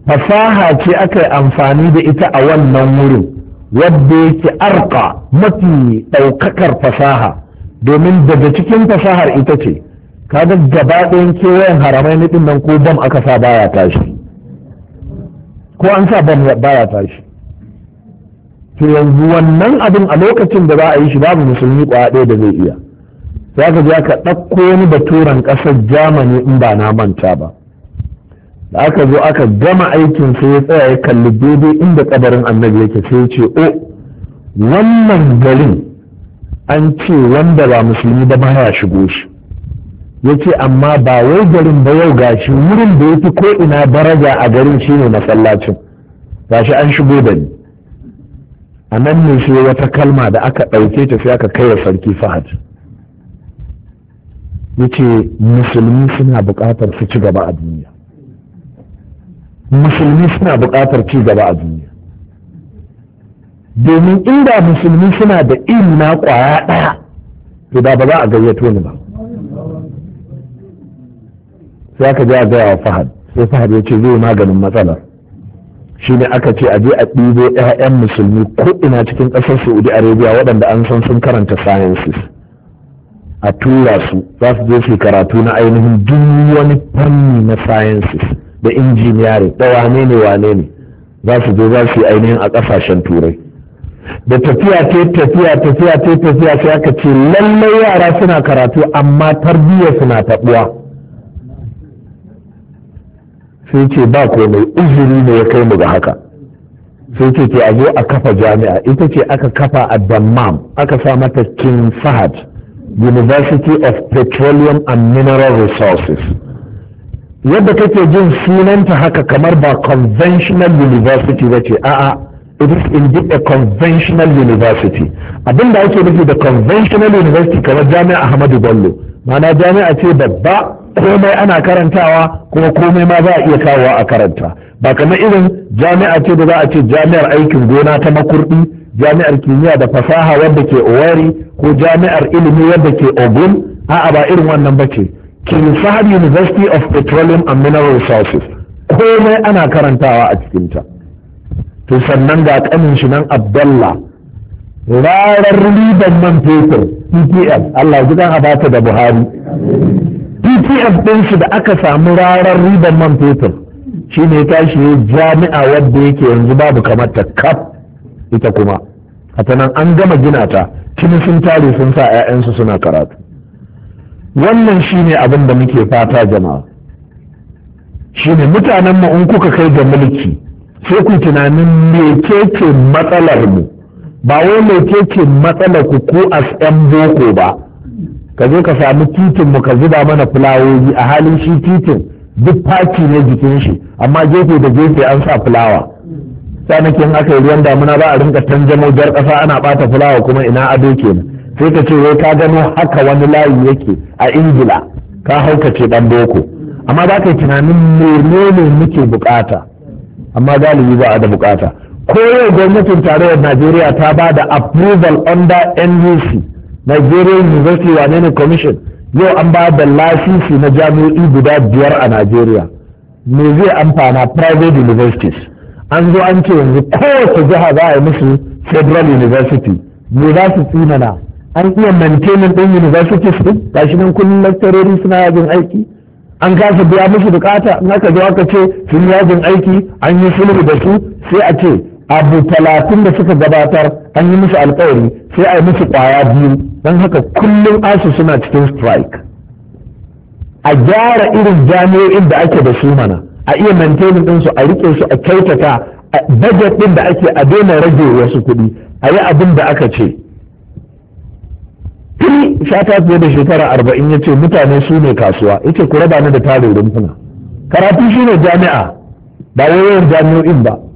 fasaha ce aka yi amfani da ita a wannan wurin wadda yake arka mafi ɗaukakar fasaha domin daga cikin fasahar ita ce kaga gaba ɗayan kewayen haramai na nan ko bam aka sa baya tashi ko an sa bam baya tashi to yanzu wannan abin a lokacin da za a yi shi babu musulmi kwaya ɗaya da zai iya za ka je aka ɗauko wani baturen ƙasar germany in ba na manta ba da aka zo aka gama aikin sai ya tsaya ya kalli daidai inda kabarin annabi yake sai ya ce o wannan garin an ce wanda ba musulmi ba ba ya shigo shi ya ce amma ba wai garin ba yau gashi wurin da ya fi ko ina daraja a garin shine masallacin gashi an shigo da ni a nan ne shi wata kalma da aka ɗauke ta sai aka kai wa sarki fahad yace musulmi suna buƙatar su ci gaba a duniya musulmi suna buƙatar ci gaba a duniya domin inda musulmi suna da na ƙwaya ɗaya to da ba za a gayyato ni ba sai aka ja gaya wa fahad sai fahad ya ce zai maganin matsalar shine aka ce a je a ɗibo 'ya'yan musulmi ko ina cikin ƙasar saudi arabia waɗanda an san sun karanta sciences a tura su za su je su karatu na ainihin duk wani fanni na sciences da injiniyari da wane ne wane ne za su je za su yi ainihin a ƙasashen turai da tafiya ta tafiya tafiya ta tafiya sai aka ce lallai yara suna karatu amma tarbiyyar suna taɓuwa sai ce ba ko komai uzuri ne ya kai mu ga haka sai ce a zo a kafa jami'a ita ce aka kafa a dammam aka sa mata king fahad university of petroleum and mineral resources yadda kake jin sunanta haka kamar ba conventional university ba ce a'a it is indeed a conventional university abin da ake nufi da conventional university kamar jami'a ahmadu bello ma'ana jami'a ce babba komai ana karantawa kuma komai ma za a iya kawowa a karanta ba kamar irin jami'a ce da za a ce jami'ar aikin gona ta makurdi jami'ar kimiyya da fasaha wadda ke owari ko jami'ar ilimi wadda ke ogun a'a ba irin wannan ba ce king university of petroleum and mineral resources komai ana karantawa a cikinta to sannan ga kanin shi nan abdallah ranar riban man fetur e ppl allah ji a bata da buhari dtf ɗin su da aka samu rarar ribar man fetur shi ne tashi ya jami'a wadda yake yanzu babu kamar ta kaf ita kuma a nan an gama gina ta tuni sun tare sun sa 'ya'yansu suna karatu wannan shi ne abin da muke fata jama'a shi ne mutanen mu in kuka kai ga mulki sai ku tunanin mecece matsalar mu ba wai mecece matsalar ku ko as 'yan boko ba ka zo ka sami titin mu ka zuba mana fulawoyi a halin shi titin duk faki ne jikin shi amma gefe da gefe an sa fulawa sanakin aka yi ruwan damuna ba a rinka tanjamo jar ƙasa ana bata fulawa kuma ina ado kenan sai ka ce wai ka gano haka wani layi yake a ingila ka haukace dan boko amma za ka yi tunanin menene muke bukata amma galibi ba a da bukata ko yau gwamnatin tarayyar najeriya ta ba da approval under NDC. Nigerian University Wanene Commission yau an ba da lasisi na jami'o'i guda biyar a nigeria me zai amfana private universities an zo an ce yanzu kowace jiha za a yi musu federal university me za su tsinana an iya maintaining ɗin universities ɗin shi nan kullum lecturori suna yajin aiki an kasa biya musu bukata in aka zo aka ce sun yajin aiki an yi sulhu da su sai a ce abu talatin da suka gabatar an yi musu alkawari sai a yi musu kwaya biyu don haka kullum asu suna cikin strike a gyara irin jami'o'in da ake da su mana a iya maintaining ɗinsu a rike su a kyautata budget ɗin da ake a daina rage wasu kuɗi a yi abin da aka ce tuni shata fiye da shekara arba'in ya ce mutane su ne kasuwa ice ku raba ni da tarin rumfuna karatu shi ne jami'a ba wayoyin jami'o'in ba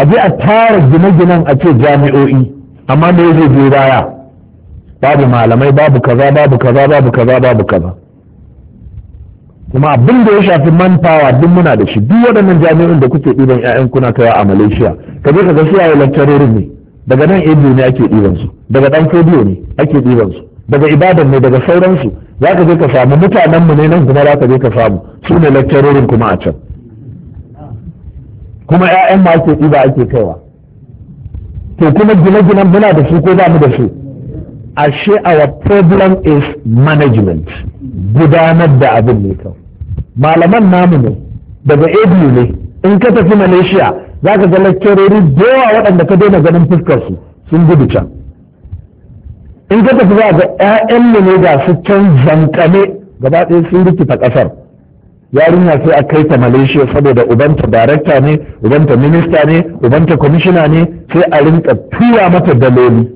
a je a tara gine-ginen a ce jami'o'i amma me zai je baya babu malamai babu kaza babu kaza babu kaza babu kaza kuma abin da ya shafi manpower duk muna da shi duk waɗannan jami'in da kuke ɗiban 'ya'yan kuna kaiwa a malaysia ka je ka ga shiyaye lantarorin ne daga nan ibu ne ake ɗiban su daga ɗan fodiyo ne ake ɗiban su daga ibadan ne daga sauransu za ka je ka samu mutanenmu ne nan kuma za ka je ka samu su ne lantarorin kuma a can kuma 'ya'yan ma ake ɗiba ake kaiwa to kuma gine-ginen muna da su ko ba mu da su ashe our problem is management gudanar da abin ne kawai malaman namu ne daga abu ne in ka tafi malaysia za ka ga lakcarori da yawa waɗanda ka daina ganin fuskar su sun gudu can in ka tafi za ga 'ya'yan mu ne ga su can zankane gaba ɗaya sun rikita ƙasar yarinya sai a kai ta malaysia saboda ubanta darakta ne ubanta minista ne ubanta kwamishina ne sai a rinka tura mata daloli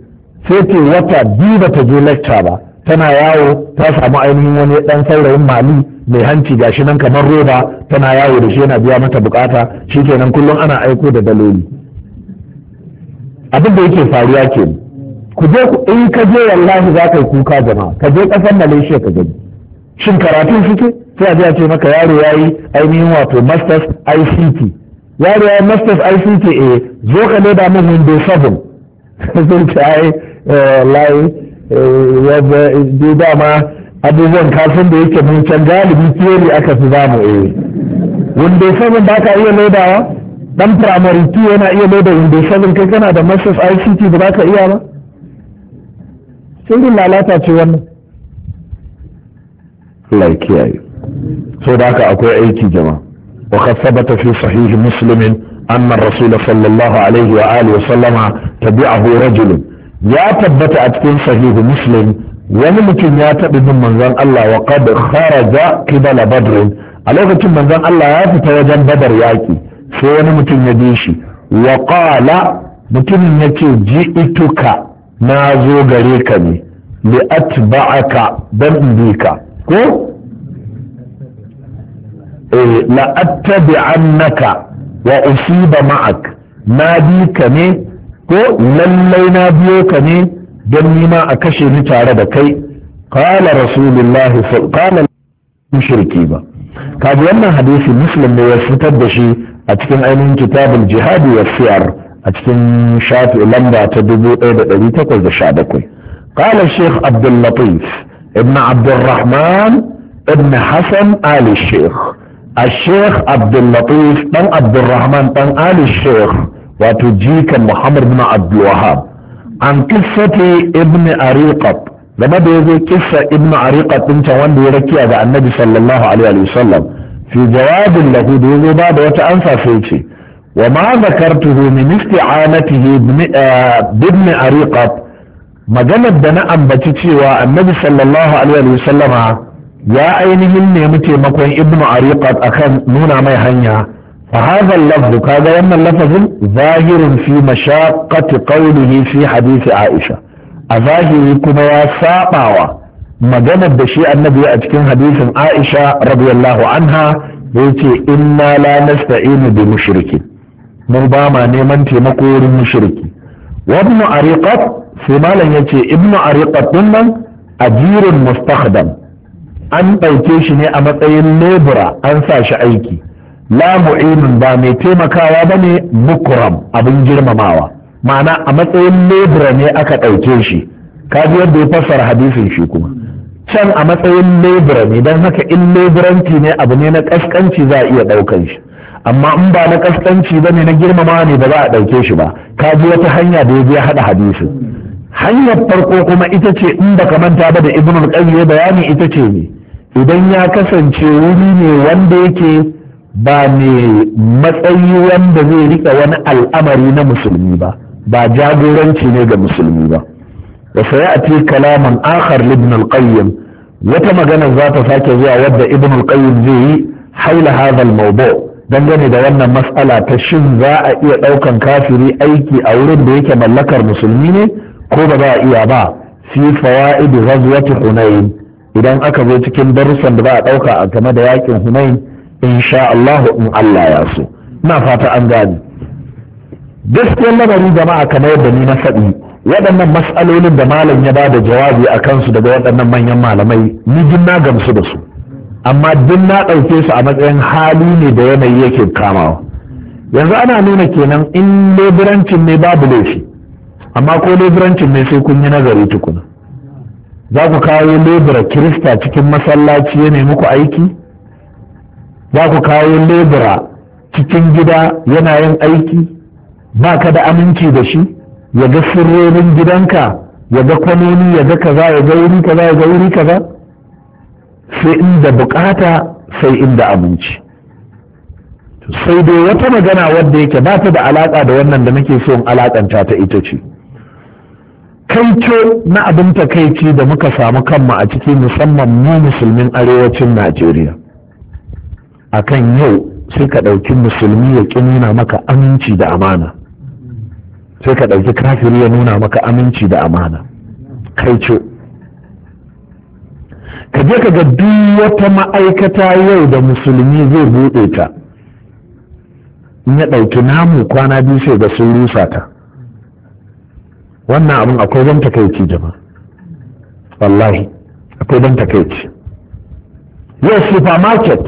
sai ke wata biyu ba ta je lecture ba tana yawo ta samu ainihin wani dan saurayin mali mai hanci gashi nan kamar roba tana yawo da shi yana biya mata bukata kenan kullum ana aiko da daloli abin da yake faruwa ke ku je in ka je wallahi za ka yi kuka jama'a ka je kasar malaysia ka gani shin karatun suke sai a ji a ce maka yaro ya yi ainihin wato masters ict yaro ya yi masters ict A eh, zo ka leda min windows *laughs* sabon sun ce ai eh, wallahi da eh, dama abubuwan kafin da yake mun can galibi theory aka fi zamu a windows sabon ba ka iya ledawa dan primary 2 yana iya leda windows sabon kai kana da masters ict ba za ka iya ba sai lalata ce wannan Allah ya kiyaye so da haka akwai aiki jama'a wa qad thabata fi sahih muslim anna rasul sallallahu alaihi wa alihi sallama tabi'ahu rajulun ya tabbata a cikin sahih muslim wani mutum ya taɓa bin manzon Allah wa qad kharaja qibala badr a lokacin manzon Allah ya fita wajen badar yaki sai wani mutum ya bi shi wa qala mutumin ji ituka na zo gare ka ne li atba'aka dan bi ka ko Eh, la'attabi'annaka wa usiba ma'ak na bi ka ne ko lallai na biyo ka ne don nima a kashe ni tare da kai qala rasulullahi qala mushriki ba kaji wannan hadisi muslim ne ya fitar da shi a cikin ainihin kitabul jihadi wa siyar a cikin shafi lamba ta 1817 qala sheikh abdul latif ibn abdul rahman ibn hasan ali sheikh a sheikh abdullatif dan abdulrahman ɗan ali sheikh wato jika muhammad bin abdulwahab an kissati ibn ariqat game da ya zo kissa ibn ariqat din can wanda ya rakiya ga annabi sallallahu alaihi wa sallam fi jawabin da ya zo ba da wata ansa sai ce wa ma zakartuhu min isti'anatihi ibn ariqat maganar da na ambaci cewa annabi sallallahu alaihi wa sallama ya ainihin nemi taimakon ibnu ariqat akan nuna mai hanya fa hadha lafzu kaga wannan lafazin zahirin fi mashaqqati qawlihi fi hadisi aisha a zahiri kuma ya sabawa maganar da shi annabi a cikin hadisin aisha radiyallahu anha da yace inna la nasta'inu bi mushrikin mun ba ma neman taimako wurin mushriki wa ariqat sai malam yace ibnu ariqat din nan ajirin mustakhdam an ɗauke shi ne a matsayin lebura an sa shi aiki la mu'inun ba mai taimakawa ba ne mukram abin girmamawa ma'ana a matsayin lebura ne aka ɗauke shi kaji yadda ya fassara hadisin shi kuma can a matsayin lebura ne don haka in leburanci ne abu ne na ƙasƙanci za a iya ɗaukan shi amma in ba na ƙasƙanci ba ne na girmamawa ne ba za a ɗauke shi ba kaji wata hanya da ya je haɗa hadisin hanyar farko kuma ita ce in baka manta ba da ibn al-qayyim bayani ita ce ne idan ya kasance wuri ne wanda yake ba mai matsayi wanda zai rika wani al'amari na musulmi ba ba jagoranci ne ga musulmi ba wa sayati kalaman akhar ibn al-qayyim wata magana za ta sake zuwa wadda ibn al-qayyim zai yi haula hadha al-mawdu dangane da wannan mas'ala ta shin za a iya daukan kafiri aiki a wurin da yake mallakar musulmi ne ko ba za a iya ba fi fawaid ghazwat hunayn idan aka zo cikin darussan da za a ɗauka a game da yakin hunain sha Allahu in Allah ya so na fata an gane gaskiyar lamari jama'a kamar yadda ni na faɗi waɗannan mas'alolin da malam ya bada jawabi a kansu daga waɗannan manyan malamai ni duk na gamsu da su amma duk na ɗauke su a matsayin hali ne da yanayi yake kamawa yanzu ana nuna kenan in leburancin ne babu laifi amma ko leburancin ne sai kun yi nazari tukuna za ku kawo lebura kirista cikin masallaci ya nemi ku aiki za ku kawo lebura cikin gida yana yin aiki ba ka da aminci da shi ya ga sirrorin gidanka ya ga kwanoni ya ga kaza ya ga wuri kaza ya ga wuri kaza sai inda bukata sai inda aminci sai dai wata magana wadda yake ba ta da alaka da wannan da nake so in alakanta ta ita ce kaico na abin takaici da muka samu kanmu a ciki musamman mu musulmin arewacin najeriya akan yau sai ka ɗauki musulmi ya ƙi nuna maka aminci da amana sai ka ɗauki kafiri ya nuna maka aminci da amana kaico ka je ka ga duk wata ma'aikata yau da musulmi zai buɗe ta in ya ɗauki namu kwana biyu sai ga sun rusa ta wannan abin akwai ban takaici jama'a wallahi akwai ban takaici yau supermarket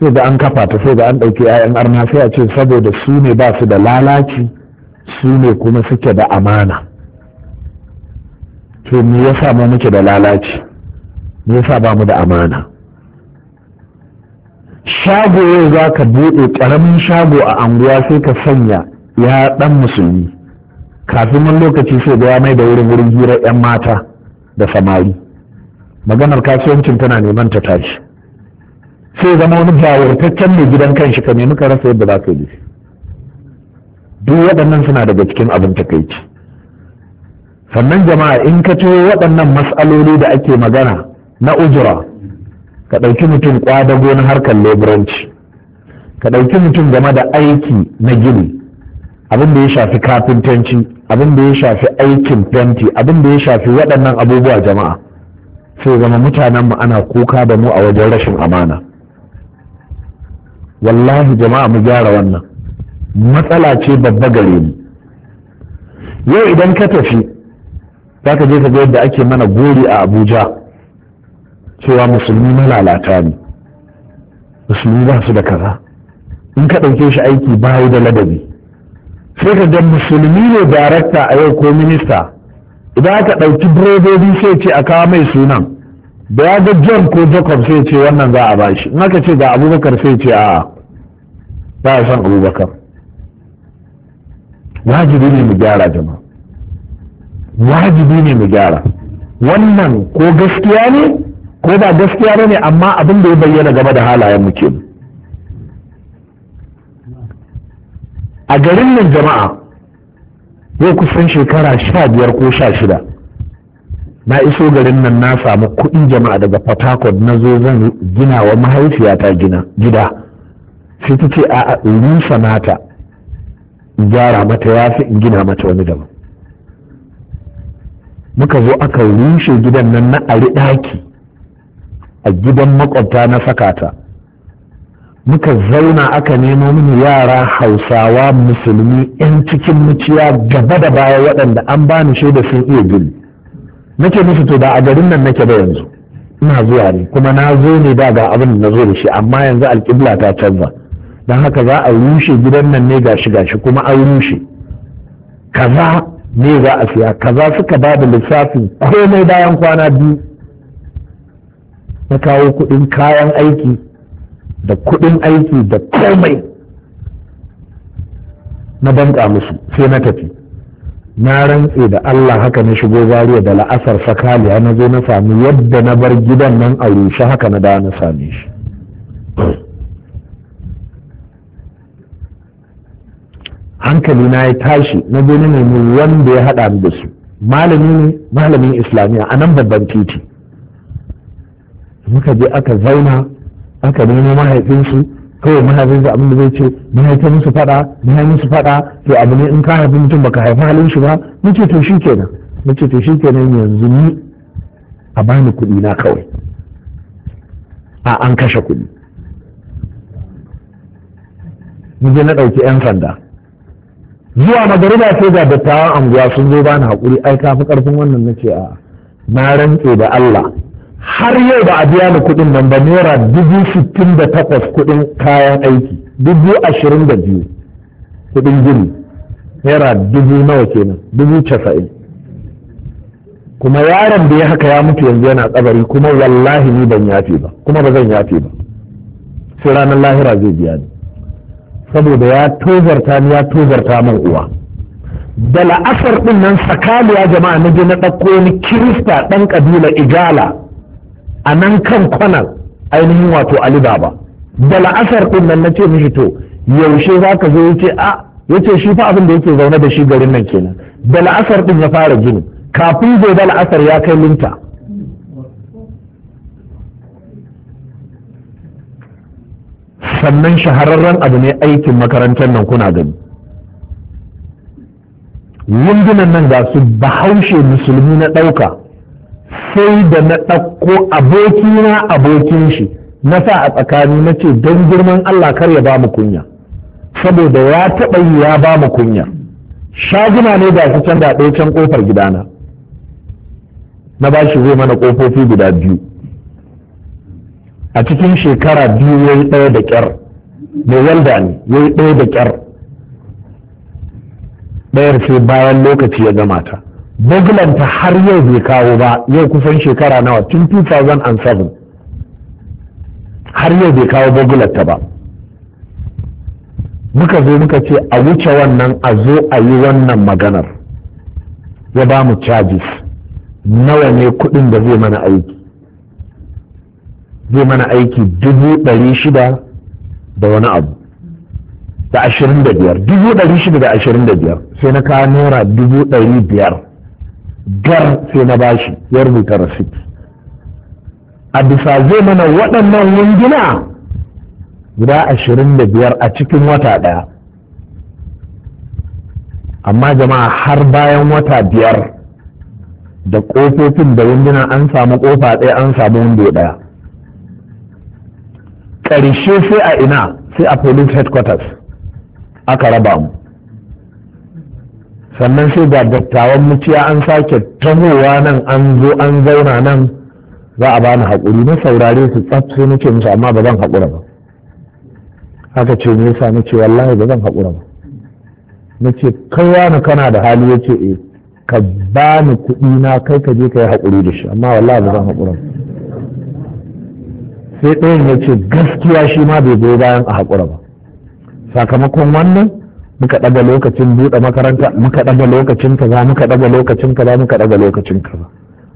sai da an kafa ta sai da an ɗauki 'ya'yan arna sai a ce saboda su ne ba su da lalaci su ne kuma suke da amana to me yasa mu muke da lalaci me sa ba mu da amana shago yau za ka buɗe ƙaramin shago a anguwa sai ka sanya ya ɗan musulmi kafin wani lokaci sai da ya mai da wurin wurin hirar 'yan mata da samari maganar kasuwancin tana neman ta tashi sai zama wani jawurtaccen mai gidan kan shi ka nemi ka rasa yadda za ka yi duk waɗannan suna daga cikin abin takaici sannan jama'a in ka ciwo waɗannan matsaloli da ake magana na ujura ka ɗauki mutum ƙwadago na harkar leburanci ka ɗauki mutum game da aiki na gini abin da ya shafi kafintanci abin da ya shafi aikin fenti abin da ya shafi waɗannan abubuwa jama'a sai zama mutanen mu ana kuka da mu a wajen rashin amana wallahi jama'a mu gyara wannan matsala ce babba gare mu yau idan ka tafi za ka je ka ga yadda ake mana gori a abuja cewa musulmi malalata ne musulmi ba su da kaza in ka ɗauke shi aiki bayi da ladabi sai ka ga musulmi ne darakta a yau ko minista idan aka ɗauki direbobi sai ce a kawo mai sunan da ya ga john ko jacob sai ce wannan za a bashi in aka ce ga abubakar sai ce a ba a san abubakar wajibi ne mu gyara jama'a wajibi ne mu gyara wannan ko gaskiya ne ko ba gaskiya ne amma abin da ya bayyana game da halayen mu kenan a garin nan jama'a yau kusan shekara sha biyar ko sha shida na iso garin nan na samu kuɗin jama'a daga port na zo zan gina wa mahaifiyata gina gida sai ta ce a rusa nata gyara mata ya fi in gina mata wani daban muka zo aka rushe gidan nan na ari ɗaki a gidan makwabta na sakata muka zauna aka nemo mini yara hausawa musulmi 'yan cikin muciya gaba da baya waɗanda an bani shaida sun iya gili nake musu to da a garin nan nake da yanzu ina zuwa ne kuma na zo ne da ga abin da na zo da shi amma yanzu alƙibla ta canza don haka za a rushe gidan nan ne gashi gashi kuma an rushe kaza ne za a siya kaza suka ba da lissafin komai bayan kwana biyu na kawo kuɗin kayan aiki da kuɗin aiki da komai na banka musu sai na tafi na rantse da Allah haka na shigo zariya da la'asar sakaliya na zo na sami yadda na bar gidan nan a rushe haka na da na same shi hankali na ya tashi na zo na nemi wanda ya haɗa ni da su malami ne malamin islamiyya a nan babban titi muka je aka zauna aka nemo mahaifinsu kawai mahaifinsu abin da zai ce mahaifin musu fada mahaifin musu fada to abu ne in ka haifi mutum baka haifi halin shi ba nace to shikenan to kenan yanzu ni a bani kuɗi na kawai a an kashe kuɗi je na ɗauki 'yan sanda zuwa magariba sai ga dattawan anguwa sun zo bani haƙuri ai ka ƙarfin wannan na ce a na rantse da Allah har yau ba a biya ni kuɗin nan ba naira dubu sittin da takwas kuɗin kayan aiki dubu ashirin da biyu kuɗin gini naira dubu nawa kenan dubu casa'in kuma yaron da ya haka ya mutu yanzu yana tsabari kuma wallahi ni ban yafe ba kuma ba zan yafe ba sai ranar lahira zai biya ni saboda ya tozarta ni ya tozarta min uwa da la'asar din nan sakaliya jama'a na je na ɗauko ni kirista ɗan ƙabila igala a nan kan kwanar ainihin wato alibaba da la'asar ɗin nan na ce mishi to yaushe za ka zo yace a yace shi fa abin da yake zaune da shi garin nan kenan da la'asar ɗin ya fara gini kafin zai da la'asar ya kai linta sannan shahararren abu ne aikin makarantar nan kuna gani wundunan nan ga su bahaushe musulmi na ɗauka sai da na ɗauko abokina abokin shi na sa a tsakani na ce don girman Allah kar ya ba mu kunya saboda ya taɓa yi ya ba mu kunya shaguna ne ba su can da ɗaya can ƙofar gidana na ba shi zai mana ƙofofi guda biyu a cikin shekara biyu ya yi ɗaya da ƙyar mai walda ne ya yi ɗaya da ƙyar ɗayar sai bayan lokaci ya gamata. ta har yau bai kawo ba yau kusan shekara nawa tun 2007 har yau bai kawo ta ba muka zo muka ce a wuce wannan a zo a yi wannan maganar ya ba mu charges nawa ne kudin da zai mana aiki zai mana aiki dubu ɗari shida da wani abu da ashirin da biyar dubu ɗari shida da ashirin da biyar sai na kawo naira dubu ɗari biyar gar sai na bashi ya rubuta rasit a bisa zai mana waɗannan wungina guda ashirin da biyar a cikin wata ɗaya amma jama'a har bayan wata biyar da ƙofofin da wunduna an samu ƙofa ɗaya an samu wundo ɗaya ƙarshe sai a ina sai a police headquarters aka raba mu sannan sai ga dattawan muciya an sake tahowa nan an zo an zauna nan za a bani haƙuri na saurare su tsaf sai nake musu amma ba zan haƙura ba haka ce me yasa nake wallahi ba zan haƙura ba nake kai wani kana da hali yace eh ka bani kuɗi na kai ka je ka yi haƙuri da shi amma wallahi ba zan haƙura ba sai ɗayan ya ce gaskiya shi ma bai goyi bayan a haƙura ba sakamakon wannan muka ɗaga lokacin buɗe makaranta muka ɗaga lokacin kaza muka ɗaga lokacin kaza muka ɗaga lokacin kaza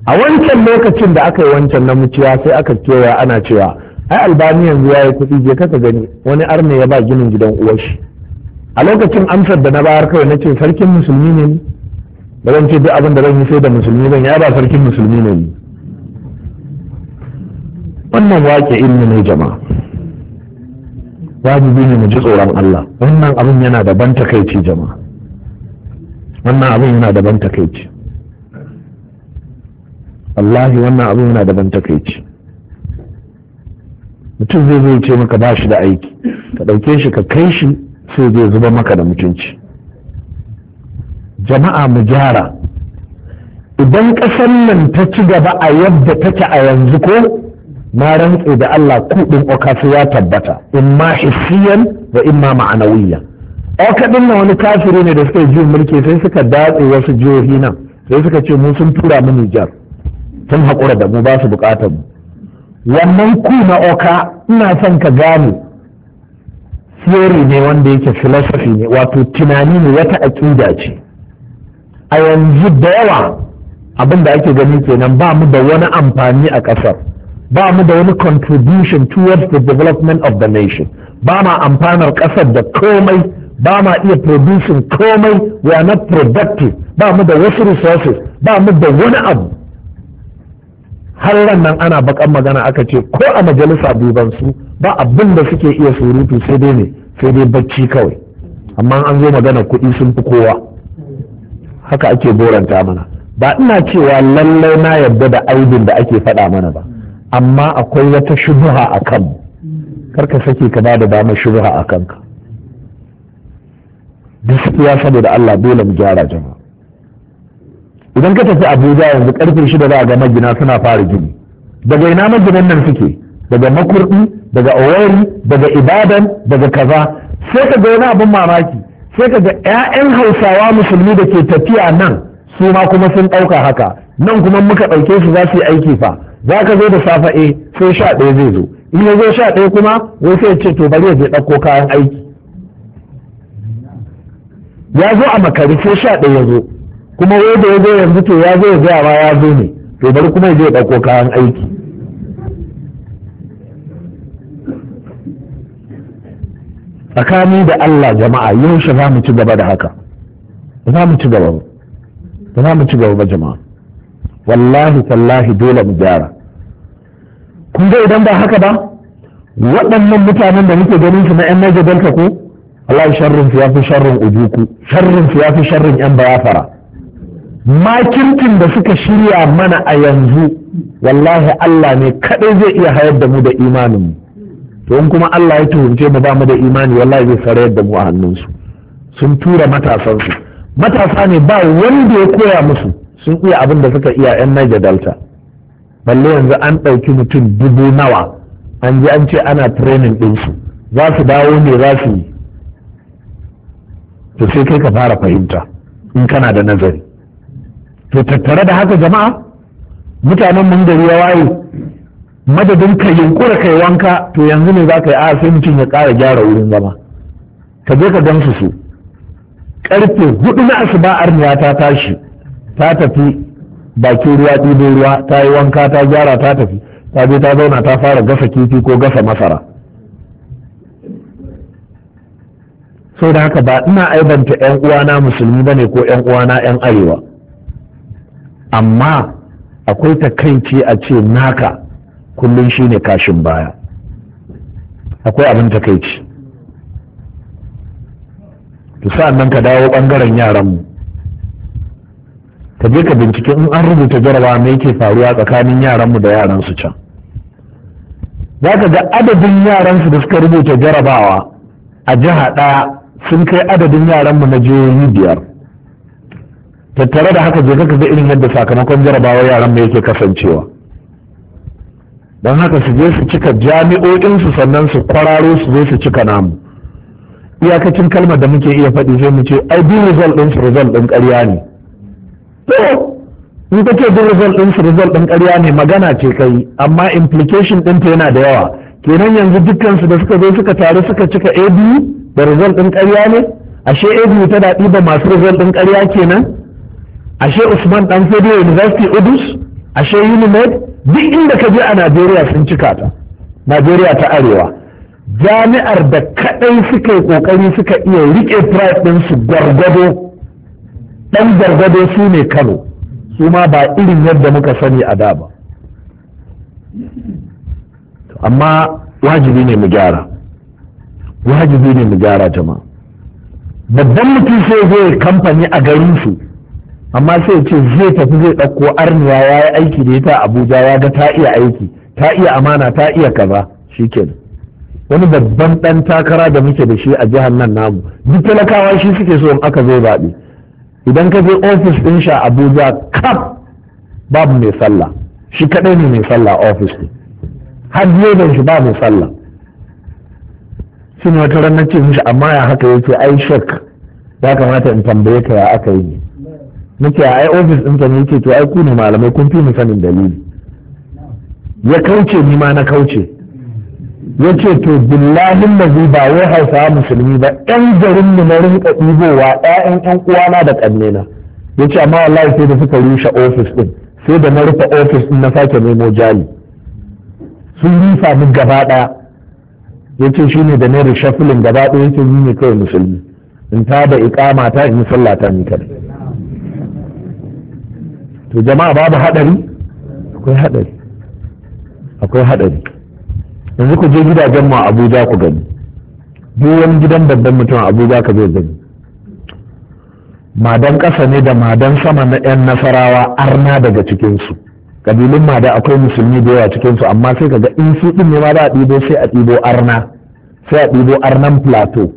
a wancan lokacin da aka yi wancan na muciya sai aka kewa ana cewa ai albani yanzu ya yi kuɗi je ka gani wani arne ya ba ginin gidan uwar shi a lokacin amsar da na bayar kawai na ce sarkin musulmi ne da zan ce duk abin da zan yi sai da musulmi zan ya ba sarkin musulmi ne wannan wake ilmi ne jama'a wajibi ne mu ji tsoron Allah wannan abin yana da ban takaici jama'a wannan abin yana da ban takaici wallahi wannan abin yana da ban takaici mutum zai zai ce maka ba shi da aiki ka ɗauke shi ka kai shi sai zai zuba maka da mutunci jama'a mu gyara idan ƙasar nan ta ci gaba a yadda take a yanzu ko na rantse da Allah kuɗin okafi ya tabbata imma hissiyan da imma ma'anawiyan okadin na wani kafiri ne da suka ji mulki sai suka datse wasu jihohi nan sai suka ce mu sun tura mu Nijar sun hakura da mu ba su buƙatar mu wannan ku na oka ina son ka gane theory ne wanda yake philosophy ne wato tunani ne wata aƙida ce a yanzu da yawa abin da ake gani kenan ba mu da wani amfani a ƙasar ba mu da wani contribution towards the development of the nation ba ma amfanar ƙasar da komai ba ma iya producing komai we are not productive ba mu da wasu resources ba mu da wani abu har nan ana bakan magana aka ce ko a majalisa duban su ba abin da suke iya surutu sai dai ne sai dai bacci kawai amma an zo magana kuɗi sun fi kowa haka ake boranta mana ba ina cewa lallai na yarda da aibin da ake faɗa mana ba amma akwai wata shubha a kan karka sake ka ba da damar shubha a kanka gaskiya saboda Allah dole mu gyara jama idan ka tafi Abuja yanzu karfe shida za a ga magina suna fara gini daga ina maginan nan suke daga makurdi daga owari daga ibadan daga kaza sai ka ga wani abin mamaki sai ka ga 'ya'yan hausawa musulmi da ke tafiya nan su ma kuma sun ɗauka haka nan kuma muka ɗauke su za su yi aiki fa za ka zo da safa a eh, sai sha ɗaya zai zo in ya zo sha ɗaya kuma wai sai ce to bari ya je ɗauko kayan aiki ya zo a makari sai sha ɗaya ya zo kuma wai da ya zo yanzu to ya zo ya gaya ma ya zo ne to bari kuma ya je ɗauko kayan aiki tsakani da Allah jama'a yaushe za mu ci gaba da haka za mu ci gaba ba za mu ci gaba ba jama'a wallahi tallahi dole mu gyara kun ga idan ba haka ba waɗannan mutanen da muke ganin su na yan naija Delta ko Allah sharrin ya fi sharrin ujuku sharrin ya fi sharrin yan bayafara makirkin da suka shirya mana a yanzu wallahi Allah ne kaɗai zai iya hayar da mu da imanin mu to in kuma Allah ya tuhunce mu ba mu da imani wallahi zai sarayar da mu a su sun tura matasansu matasa ne ba wanda ya koya musu sun iya abin da suka iya yan naija Delta balle yanzu an ɗauki mutum dubu nawa an ji an ce ana training ɗinsu za su dawo ne za su yi to sai kai ka fara fahimta in kana da nazari to tattare da haka jama'a mutanen mun gari ya waye madadin ka yunkura kai wanka to yanzu ne za ka yi a ah, sai mutum ya ƙara gyara wurin zama ka je ka gamsu su karfe hudu na asuba ya ta tashi ta tafi bakin ruwa ɗibo ruwa ta yi wanka ta gyara ta tafi ta je ta zauna ta fara gasa kifi ko gasa masara sau da haka ba ina aibanta 'yan uwana musulmi ba ne ko 'yan uwana 'yan arewa amma akwai takaici a ce naka kullum shine kashin baya akwai abin takaici sa'an nan ka dawo ɓangaren yaranmu ka je ka bincike in an rubuta jarabawa me yake faruwa tsakanin yaranmu da yaran su can za ka ga adadin yaran su da suka rubuta jarabawa a jiha ɗaya sun kai adadin yaranmu na jihohi biyar tattare da haka je ka ga irin yadda sakamakon jarabawa yaran mu yake kasancewa don haka su je su cika jami'o'insu sannan su kwararo su zo su cika namu iyakacin kalmar da muke iya faɗi sai mu ce ai bi result ɗin su result ɗin ƙarya ne to ni take bin result din shi result din ƙarya ne magana ce kai amma implication din ta yana da yawa kenan yanzu dukkan su da suka zo suka taru suka cika ab da result din ƙarya ne ashe ab ta daɗi ba masu result din ƙarya kenan ashe Usman dan Fodio University Udus ashe Unimed duk inda ka je a Najeriya sun cika ta Najeriya ta arewa jami'ar da kaɗai suka yi kokari suka iya rike price din su gwargwado ɗan gargado su ne kano su ma ba irin yadda muka sani a da ba amma wajibi ne mu gyara wajibi ne mu gyara jama'a babban mutum sai zai kamfani a garinsu amma sai ce zai tafi zai ɗauko arniya ya yi aiki da ita abuja ya ga ta iya aiki ta iya amana ta iya kaza shikenan wani babban ɗan takara da muke da shi a jihar nan namu duk talakawa shi suke so in aka zo zaɓe idan ka je ofis ɗin shi a abuja kaf babu mai sallah shi kaɗai ne mai sallah ofis ne har da shi ba mai sallah shi wata ranar ce mishi amma ya haka yake ai shek ya kamata in tambaye ka ya aka yi nake a ai ofis ɗinsa ne yake to ai ku ne malamai kun fi mu sanin dalili ya kauce ni ma na kauce ya ce to billahin lazi ba wai hausawa musulmi ba yan garin mu na rinka ɗibowa ƴaƴan yan uwana da ƙannena ya ce amma wallahi sai da suka rushe ofis ɗin sai da na rufe ofis ɗin na sake nemo jali sun rufa min gaba ɗaya ya ce shi ne da na rishafilin gaba ɗaya ya ce ni ne kawai musulmi in ta da iƙama ta in sallata ni kadai to jama'a babu haɗari akwai haɗari akwai haɗari yanzu ku je gidajen mu abuja ku gani duk wani gidan babban mutum a abuja ka zai gani madan ƙasa ne da madan sama na 'yan nasarawa arna daga cikinsu kabilun mada akwai musulmi da yawa cikinsu amma sai kaga in su ɗin ne ma za a ɗibo sai a ɗibo arna sai a ɗibo arnan plateau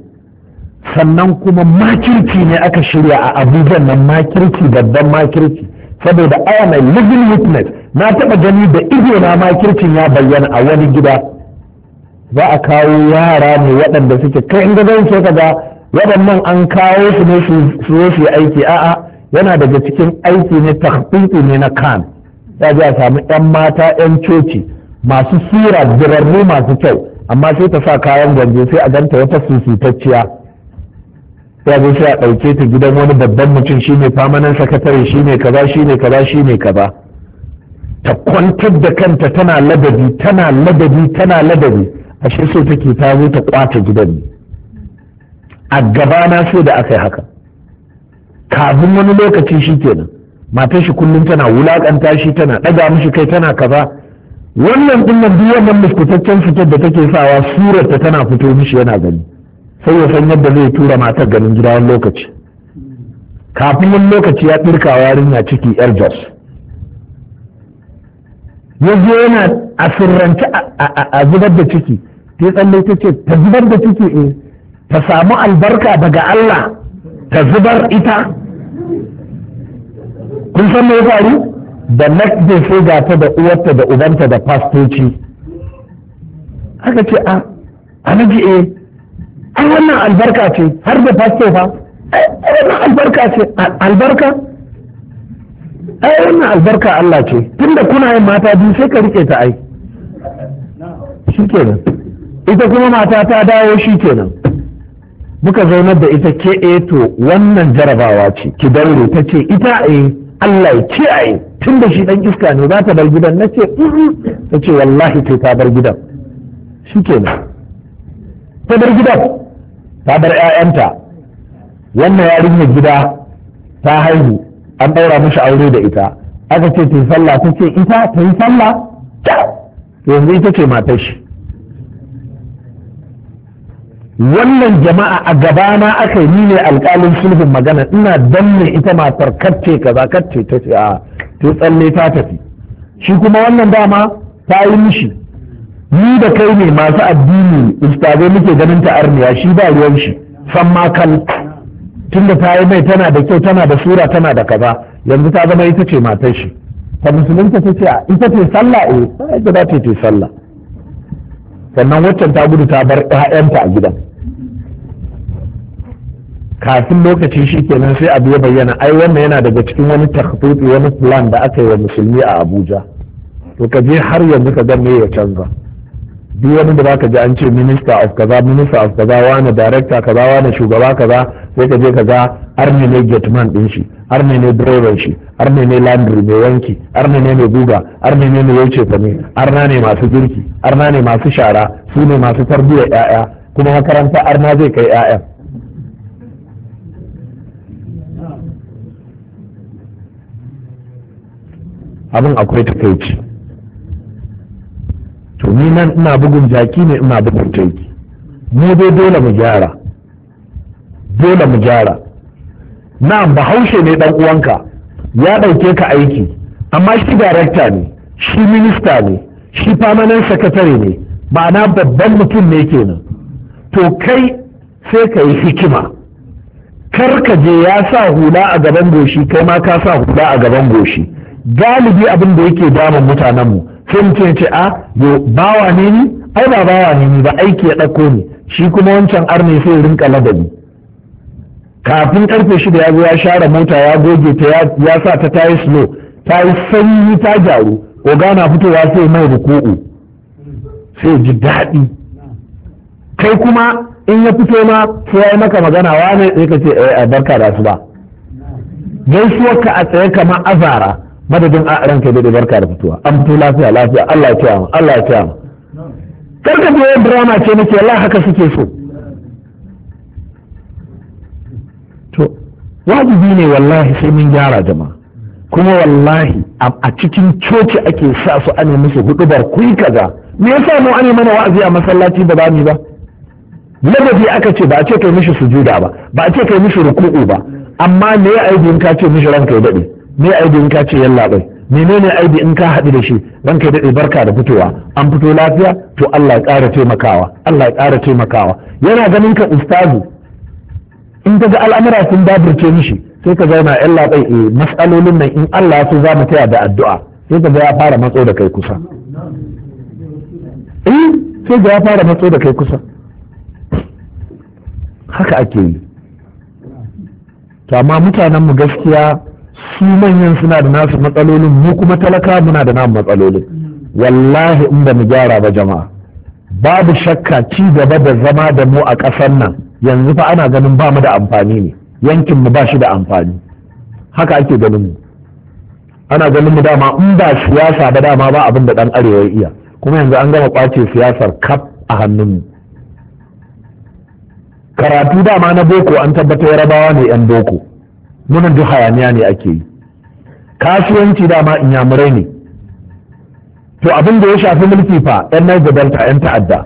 sannan kuma makirki ne aka shirya a abuja nan makirci babban makirki. saboda i am a living witness na taɓa gani da ido na makircin ya bayyana a wani gida za a kawo yara ne waɗanda suke kai inda zan ce ga waɗannan an kawo su ne su zo su aiki a'a yana daga cikin aiki ne tahqiqi ne na kan ya ji a samu yan mata yan coci masu sura birarru masu kyau amma sai ta sa kayan gwanje sai a ganta wata susutacciya ya zo sai a ɗauke ta gidan wani babban mutum shi ne famanan sakatare shi ne kaza shi ne kaza shi ne kaza ta kwantar da kanta tana ladabi tana ladabi tana ladabi ashe so take ta zo ta kwata gidan ne a na so da aka yi haka kafin wani lokaci shi kenan matar shi kullum tana wulakanta shi tana ɗaga mishi kai tana kaza wannan dinnan duk wannan muskutaccen fitar da take sawa surar ta tana fito mishi yana gani sai ya san yadda zai tura matar ganin gida wani lokaci kafin wani lokaci ya wa yarinya ciki yar jos ya yana a sirrance a zubar da ciki sai tsalle ta ce ta zubar da ciki eh ta samu albarka daga Allah ta zubar ita kun san me ya faru da nakde sai ga ta da uwarta da ubanta da pastoci. aka ce a ah, anaji eh ai wannan albarka ce har da pasto fa eh, ai wannan albarka ce albarka ai wannan albarka Allah ce tunda kuna yin mata biyu sai ka rike ta ai shikenan ita kuma mata ta dawo shi kenan muka zaunar da ita ke eh to wannan jarabawa ce ki daure ta ce ita eh Allah ya kiyaye tun da shi dan iska ne za ta bar gidan na ce ta ce wallahi sai ta bar gidan shi kenan ta bar gidan ta bar 'ya'yanta wannan yarinyar gida ta haihu an ɗaura mishi aure da ita aka ce ta yi sallah ta ce ita ta yi sallah yanzu ita ce matar shi wannan jama'a a gabana aka yi ni ne alƙalin sulhun magana ina danne ita matar kacce kaza kacce ta ce a to tsalle ta tafi shi kuma wannan dama ta yi mishi ni da kai ne masu addini ustazai muke ganin ta arniya shi ba ruwan shi san makal tunda ta yi mai tana da kyau tana da sura tana da kaza yanzu ta zama ita ce matar shi ta musulunta ta ce a ita ce sallah eh ita za ta ce sallah sannan waccan ta gudu ta bar 'ya'yanta a gidan kafin lokacin shi kenan sai abu ya bayyana ai wannan yana daga cikin wani takhtuti wani plan da aka yi wa musulmi a abuja to ka je har yanzu ka ga ya canza duk wani da baka ji an ce minista of kaza minista of kaza wani director kaza wani shugaba kaza sai ka je ka ga arne ne gateman din shi arne ne driver shi arne ne laundry mai wanki arne ne mai guga arne ne mai wuce ne arna ne masu girki arna ne masu shara su ne masu tarbiyyar yaya kuma makaranta arna zai kai yaya abin akwai takaici to ni nan ina bugun jaki ne ina bugun jaki mu dai dole mu gyara dole mu gyara na'am bahaushe ne dan uwanka ya ɗauke ka aiki amma shi darakta ne shi minista ne shi famanan sakatare ne ma'ana babban mutum ne kenan to kai sai ka yi hikima kar ka je ya sa hula a gaban goshi kai ma ka sa hula a gaban goshi galibi abin da yake damun mutanen mu sai mutum ya ce a ah, yo bawa ne ni ai ba bawa ne ni ba aiki ya ɗauko ni shi kuma wancan arne sai rinka ladabi kafin karfe shida ya zo ya share mota ya goge ta ya sa ta tayi slow ta yi sanyi ta gyaru oga na fitowa sai mai ruku'u sai ji daɗi kai kuma in ya fito ma sai ya yi maka magana wane sai ka ce eh, a barka da su ba gaisuwarka ka a tsaye kamar azara madadin a ranka da barka da fituwa an fito lafiya lafiya Allah ya mu Allah ya kiyaye mu karka je yin drama ce nake Allah haka suke so to wajibi ne wallahi sai mun gyara jama'a kuma wallahi a cikin coci ake sa su ane musu hudubar kuyi kaza me yasa mu ane mana wa'azi a masallaci ba bani ba ladabi aka ce ba a ce kai mishi sujuda ba ba a ce kai mishi ruku'u ba amma me ya in ka ce mishi ranka ya dade me aibi in ka ce yan labai menene aibi in ka haɗu da shi dan kai daɗe barka da fitowa an fito lafiya to Allah ya ƙara taimakawa Allah ya ƙara taimakawa yana ganin ka ustazu in ka ga al'amura sun daburce mishi sai ka zauna yan labai eh matsalolin nan in Allah ya so za mu taya da addu'a sai ka ga ya fara matso da kai kusa eh sai ga ya fara matso da kai kusa haka ake yi to amma mutanen mu gaskiya su manyan suna da nasu matsalolin mu kuma talaka muna da namu matsalolin wallahi in ba mu gyara ba jama'a babu shakka ci gaba da zama da mu a ƙasar nan yanzu fa ana ganin ba mu da amfani ne yankin mu ba shi da amfani haka ake ganin mu ana ganin mu dama in ba siyasa ba dama ba abin da dan arewa iya kuma yanzu an gama kwace siyasar kaf a hannunmu karatu dama na boko an tabbata yarabawa ne yan boko munan duk hayaniya ne ake yi kasuwanci dama inyamurai ne to abin da ya shafi mulki fa yan Niger Delta yan ta'adda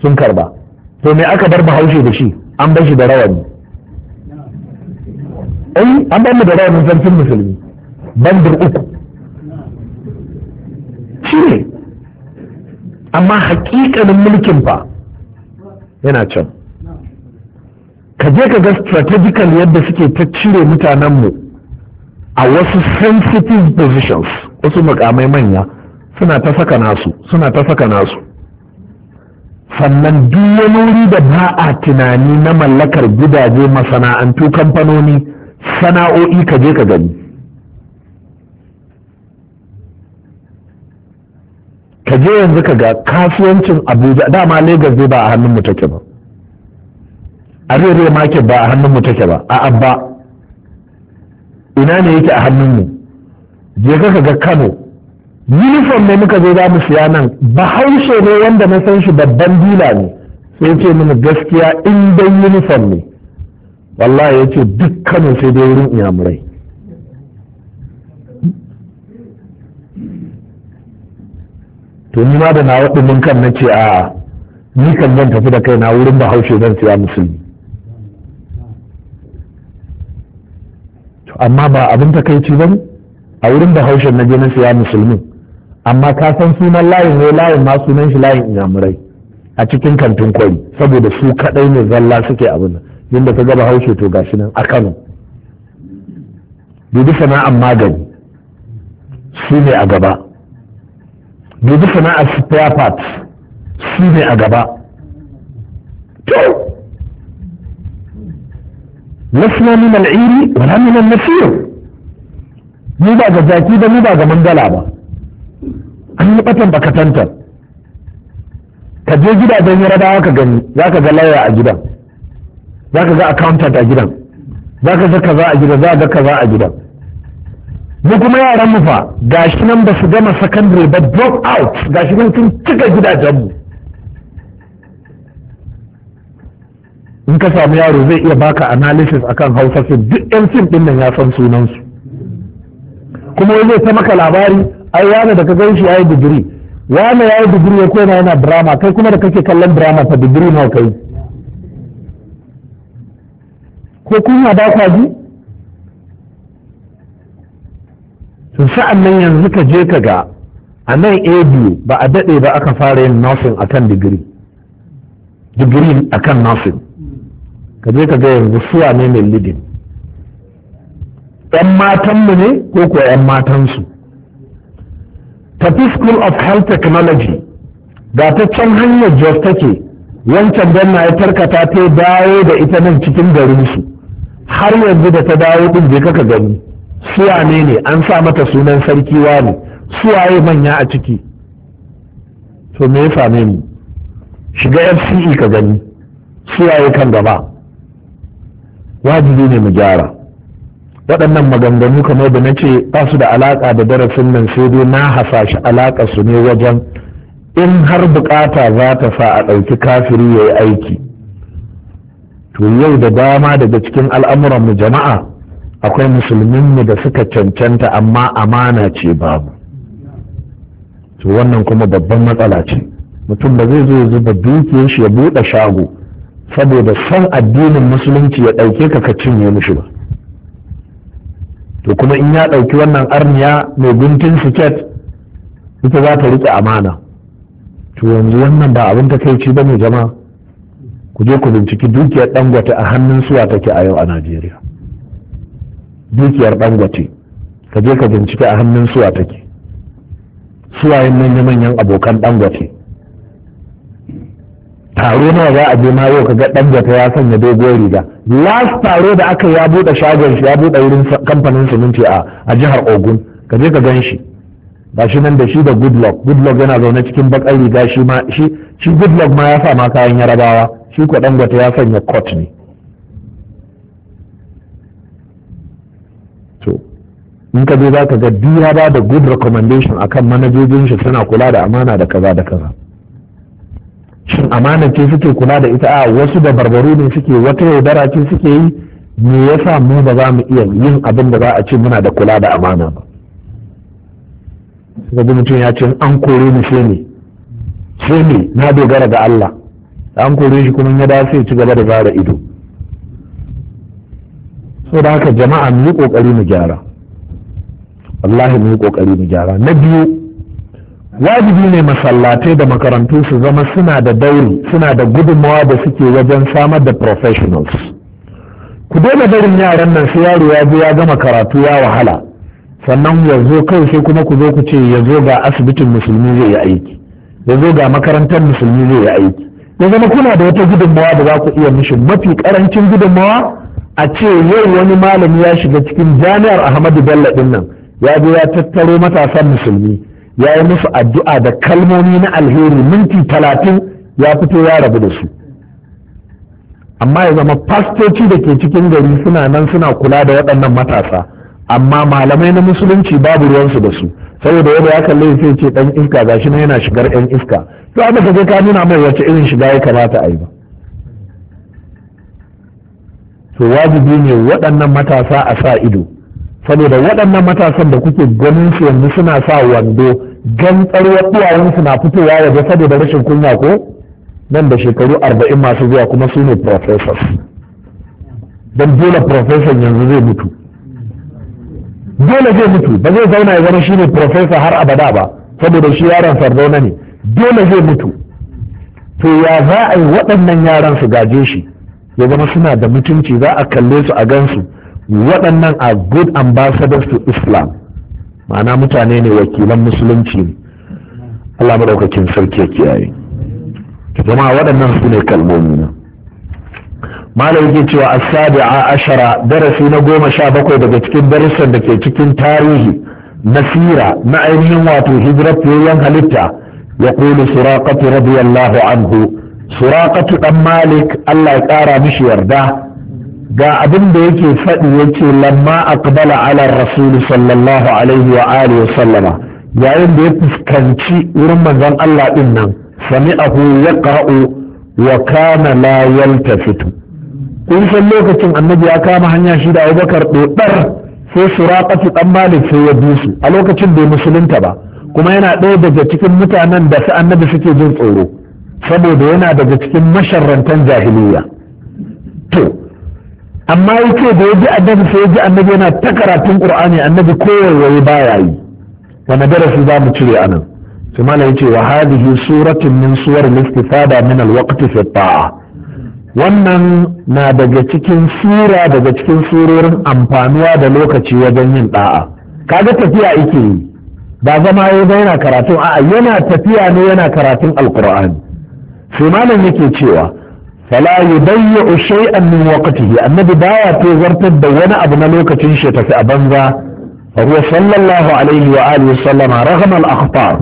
sun karba to me aka bar bahaushe da shi an bar shi da rawani ai eh, an bar mu da rawanin sarkin musulmi bandir uku shi ne amma hakikanin mulkin fa yana can ka je ka ga strategical yadda suke ta cire mutanenmu a wasu sensitive positions wasu mukamai manya suna ta saka nasu suna ta saka nasu sannan duk wani wuri da ba a tunani na mallakar gidaje masana'antu kamfanoni sana'o'i ka je ka gani ka je yanzu ka ga kasuwancin abuja dama lagos dai ba a hannun mu take ba a rere market ba a hannun mu take ba a abba ina ne yake a hannunmu je ka ga kano uniform ne muka zo za mu siya nan bahaushe ne wanda na san shi babban dila ne sai ce mini gaskiya in dai uniform ne wallahi ya ce duk kano sai dai wurin iyamurai to ni ma da na waɗannan kan na ce a ni kan zan tafi da kai na wurin bahaushe zan siya musulmi amma ba abin takaici ba a wurin bahaushen na jinin na siya musulmi amma ka san sunan layin ne layin ma sunan shi layin inyamurai a cikin kantin kwari saboda su kadai ne zalla suke abin din da ka gaba haushe to gashi nan a Kano dubi sana'ar magani su ne a gaba dubi sana'ar spare parts su ne a gaba to lasna min al'iri wala min al-nasir mu ba ga zaki ba mu ba ga mangala ba an yi batan bakatantar ka je gidajen yarabawa ka gani za ka ga lawyer a gidan za ka ga accountant a gidan za ka ga kaza a gidan za ka ga kaza a gidan mu kuma yaran mu fa gashi nan ba su gama secondary ba drop out gashi nan sun cika gidajen mu in ka samu yaro zai iya baka analysis akan hausa fim duk yan fim din nan ya san sunansu kuma zai ta maka labari ai wani da ka gan shi yayi digiri wani yayi digiri ya kuma yana drama kai kuma da kake kallon drama ta digiri nawa kai ko kuma ba ka ji to sa'an nan yanzu ka je ka ga a nan abu ba a daɗe ba aka fara yin nursing akan digiri digiri akan nursing ka je ka ga yanzu suwa ne mai lidin yan matanmu ne ko kuwa yan matansu tafi school of health technology ga ta can hanyar jos take wancan na ya tarkata ta dawo da ita nan cikin garinsu har yanzu da ta dawo din je kaka gani suwa ne ne an sa mata sunan sarki wani suwaye manya a ciki to me ya same mu shiga fce ka gani suwaye kan gaba wajibi ne mu gyara waɗannan maganganu kamar da na ce ba su da alaƙa da darasin nan sai dai na hasashi alaƙa su ne wajen in har bukata za ta sa a ɗauki kafiri ya yi aiki to yau da dama daga cikin al'amuran mu jama'a akwai musulmin mu da suka cancanta amma amana ce babu to wannan kuma babban matsala ce mutum ba zai zo ya zuba dukiyar shi ya buɗe shago saboda son addinin musulunci ya ɗauke ka ka cinye mushi ba to kuma in ya ɗauki wannan arniya mai guntun siket ita za ta riƙe amana to yanzu wannan ba abin takaici ba ne jama ku je ku binciki dukiyar dangote a hannun suwa take a yau a najeriya dukiyar dangote ka je ka binciki a hannun suwa take suwayen manya-manyan abokan dangote taro nawa za a je ma yau kaga dan gata ya sanya doguwar riga last taro da aka ya bude shagon shi ya bude wurin kamfanin siminti a a jihar Ogun ka je ka gan shi shi nan da shi da Goodluck Goodluck yana zaune cikin bakar riga shi ma shi shi Goodluck ma ya sa ma kayan Yarabawa shi ko dan gata ya sanya coat ne to in ka je za ka ga biya ba da good recommendation akan manajojin shi suna kula da amana da kaza da kaza shin amana ce suke kula da ita a wasu da barbaru ne suke wata yaudara ce suke yi me yasa mu ba za mu iya yin abin da za a ce muna da kula da amana ba suka mutum ya ce an kore ni sai ne ne na dogara ga Allah an kore shi kuma ya dace ci gaba da zara ido so da haka jama'a mu yi kokari mu gyara wallahi mu yi kokari mu gyara na biyu wajibi ne masallatai da makarantu su zama suna da dauri suna da gudunmawa da suke wajen samar da professionals ku daina barin yaran nan sai yaro ya je ya gama karatu ya wahala sannan ya zo kai sai kuma ku zo ku ce ya zo ga asibitin musulmi zai yi aiki ya zo ga makarantar musulmi zai yi aiki ya zama kuna da wata gudunmawa da za ku iya mishi mafi karancin gudunmawa a ce yau wani malami ya shiga cikin jami'ar ahmadu bello din nan ya je ya tattaro matasan musulmi ya yi musu addu'a da kalmomi na alheri minti talatin ya fito ya rabu da su amma ya zama fastoci da ke cikin gari suna nan suna kula da waɗannan matasa amma malamai na musulunci babu ruwansu da su saboda yadda ya kalli sai ce dan iska gashi na yana shigar yan iska to aka kaje ka nuna mai wace irin shiga ya kamata a yi ba to wajibi ne waɗannan matasa a sa ido saboda waɗannan matasan da kuke ganin su yanzu suna sa wando gantsarwar duwayensu na fitowa waje saboda rashin kunya ko nan da shekaru arba'in masu zuwa kuma su ne professors don dole professor yanzu zai mutu dole zai mutu ba zai zauna ya zama shi ne professor har abada ba saboda shi yaron sardauna ne dole zai mutu to ya za a yi waɗannan yaran su gaje shi ya zama suna da mutunci za a kalle su a gansu waɗannan a good ambassadors to islam ma'ana mutane ne wakilan musulunci Allah madaukakin sarki ya kiyaye jama'a waɗannan su ne kalmomi na malam yake cewa as a ashara darasi na goma sha bakwai daga cikin darussan da ke cikin tarihi na sira na ainihin wato hijirar yan halitta ya kulu suraqatu radiyallahu anhu suraqatu dan malik Allah ya kara mishi yarda ga abin da yake faɗi yake lamma aqbala ala rasul sallallahu alaihi wa alihi wa sallama yayin da ya fuskanci wurin manzon Allah din nan sami'ahu yaqra'u wa kana la yaltafitu kun san lokacin annabi ya kama hanya shi da Abubakar dodar sai suraqatu dan Malik sai ya dusu a lokacin bai musulunta ba kuma yana ɗaya daga cikin mutanen da su annabi suke jin tsoro saboda yana daga cikin masharrantan jahiliya to amma ce da ji annabi sai ji annabi yana ta karatun qur'ani annabi koyarwaye baya yi wani darasi za mu cire anan sai ya ce wa hadhihi suratun min suwar al-istifada min al fi wannan na daga cikin sura daga cikin surorin amfanuwa da lokaci wajen yin da'a kaga tafiya yake yi ba zama ya zai yana karatun a'a yana tafiya ne yana karatun alkur'ani sai malam yake cewa fala yudayyi'u shay'an min waqtihi annabi baya tozartar da wani abu na lokacin shi tafi a banza fa huwa sallallahu alaihi wa alihi sallama raghama al akhtar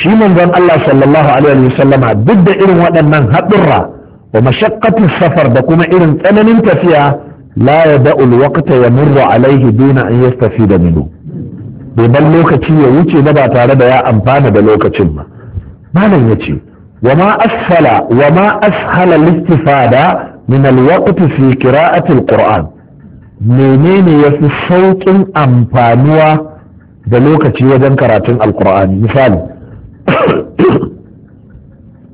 shi manzon Allah sallallahu alaihi wa sallama duk da irin waɗannan haɗurra wa mashaqqatu safar da kuma irin tsananin tafiya la yada'u al waqta yamurru alaihi duna an yastafida minhu bai ban lokaci ya wuce ba tare da ya amfana da lokacin ba malam ya ce وما أسهل وما أسهل الاستفادة من الوقت في قراءة القرآن منين يفي صوت أمبانوا دلوكة وجن قراءة القرآن مثال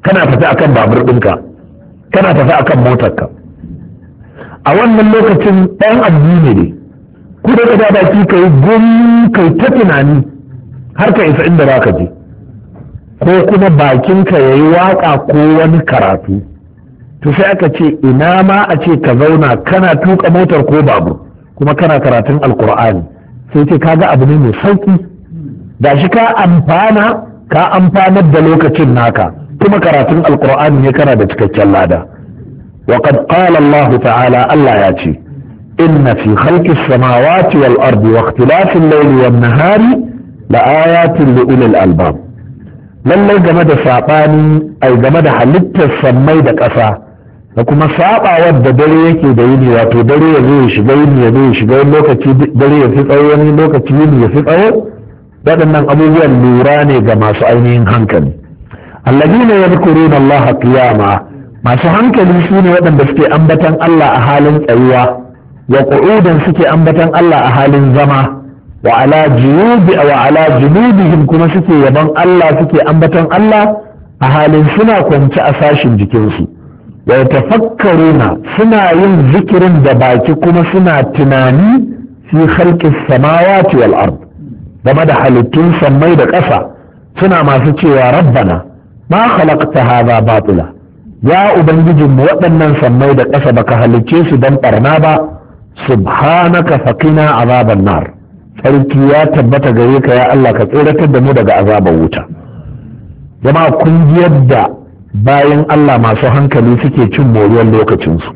kana tafi akan babur ɗinka kana tafi akan motarka a wannan lokacin ɗan abu ne ku da baki kai gum kai ta tunani har ka isa inda za ka je ko kuma bakinka ya yi waƙa ko wani karatu to sai aka ce ina ma a ce ka zauna kana tuka motar ko babur kuma kana karatun alkur'ani sai ce kaga abu ne mai sauki da shi ka amfana ka amfanar da lokacin naka kuma karatun alkur'ani ne kana da cikakken lada wa qad ta'ala Allah ya ce inna fi khalqi samawati wal ardi wa ikhtilafi al nahari la li ulil lallai game da saɓani ai game da halittar sammai da ƙasa da kuma saɓawar da dare yake da yini wato dare ya zo ya shiga yini ya zo ya shiga wani lokaci dare ya fi tsawo wani lokaci yini ya fi tsawo waɗannan abubuwan lura ne ga masu ainihin hankali allazina yadhkuruna allaha qiyama masu hankali su ne waɗanda suke ambatan Allah a halin tsayuwa wa ƙu'udan suke ambatan Allah a halin zama wa ala junubi wa ala junubihim kuma suke yabon Allah suke ambaton Allah a halin suna kwance a sashin jikinsu wa yatafakkaruna suna yin zikirin da baki kuma suna tunani fi khalqis samawati wal ard game da halittun sammai da ƙasa suna masu cewa rabbana ma khalaqta hadha batila ya ubangijinmu waɗannan sammai da ƙasa baka halicce su don ɓarna ba subhanaka faqina azaban nar tsarki ya tabbata gare ka ya Allah ka tsoratar da mu daga azabar wuta jama'a kungiyar da bayan Allah masu hankali suke cin moriyar lokacinsu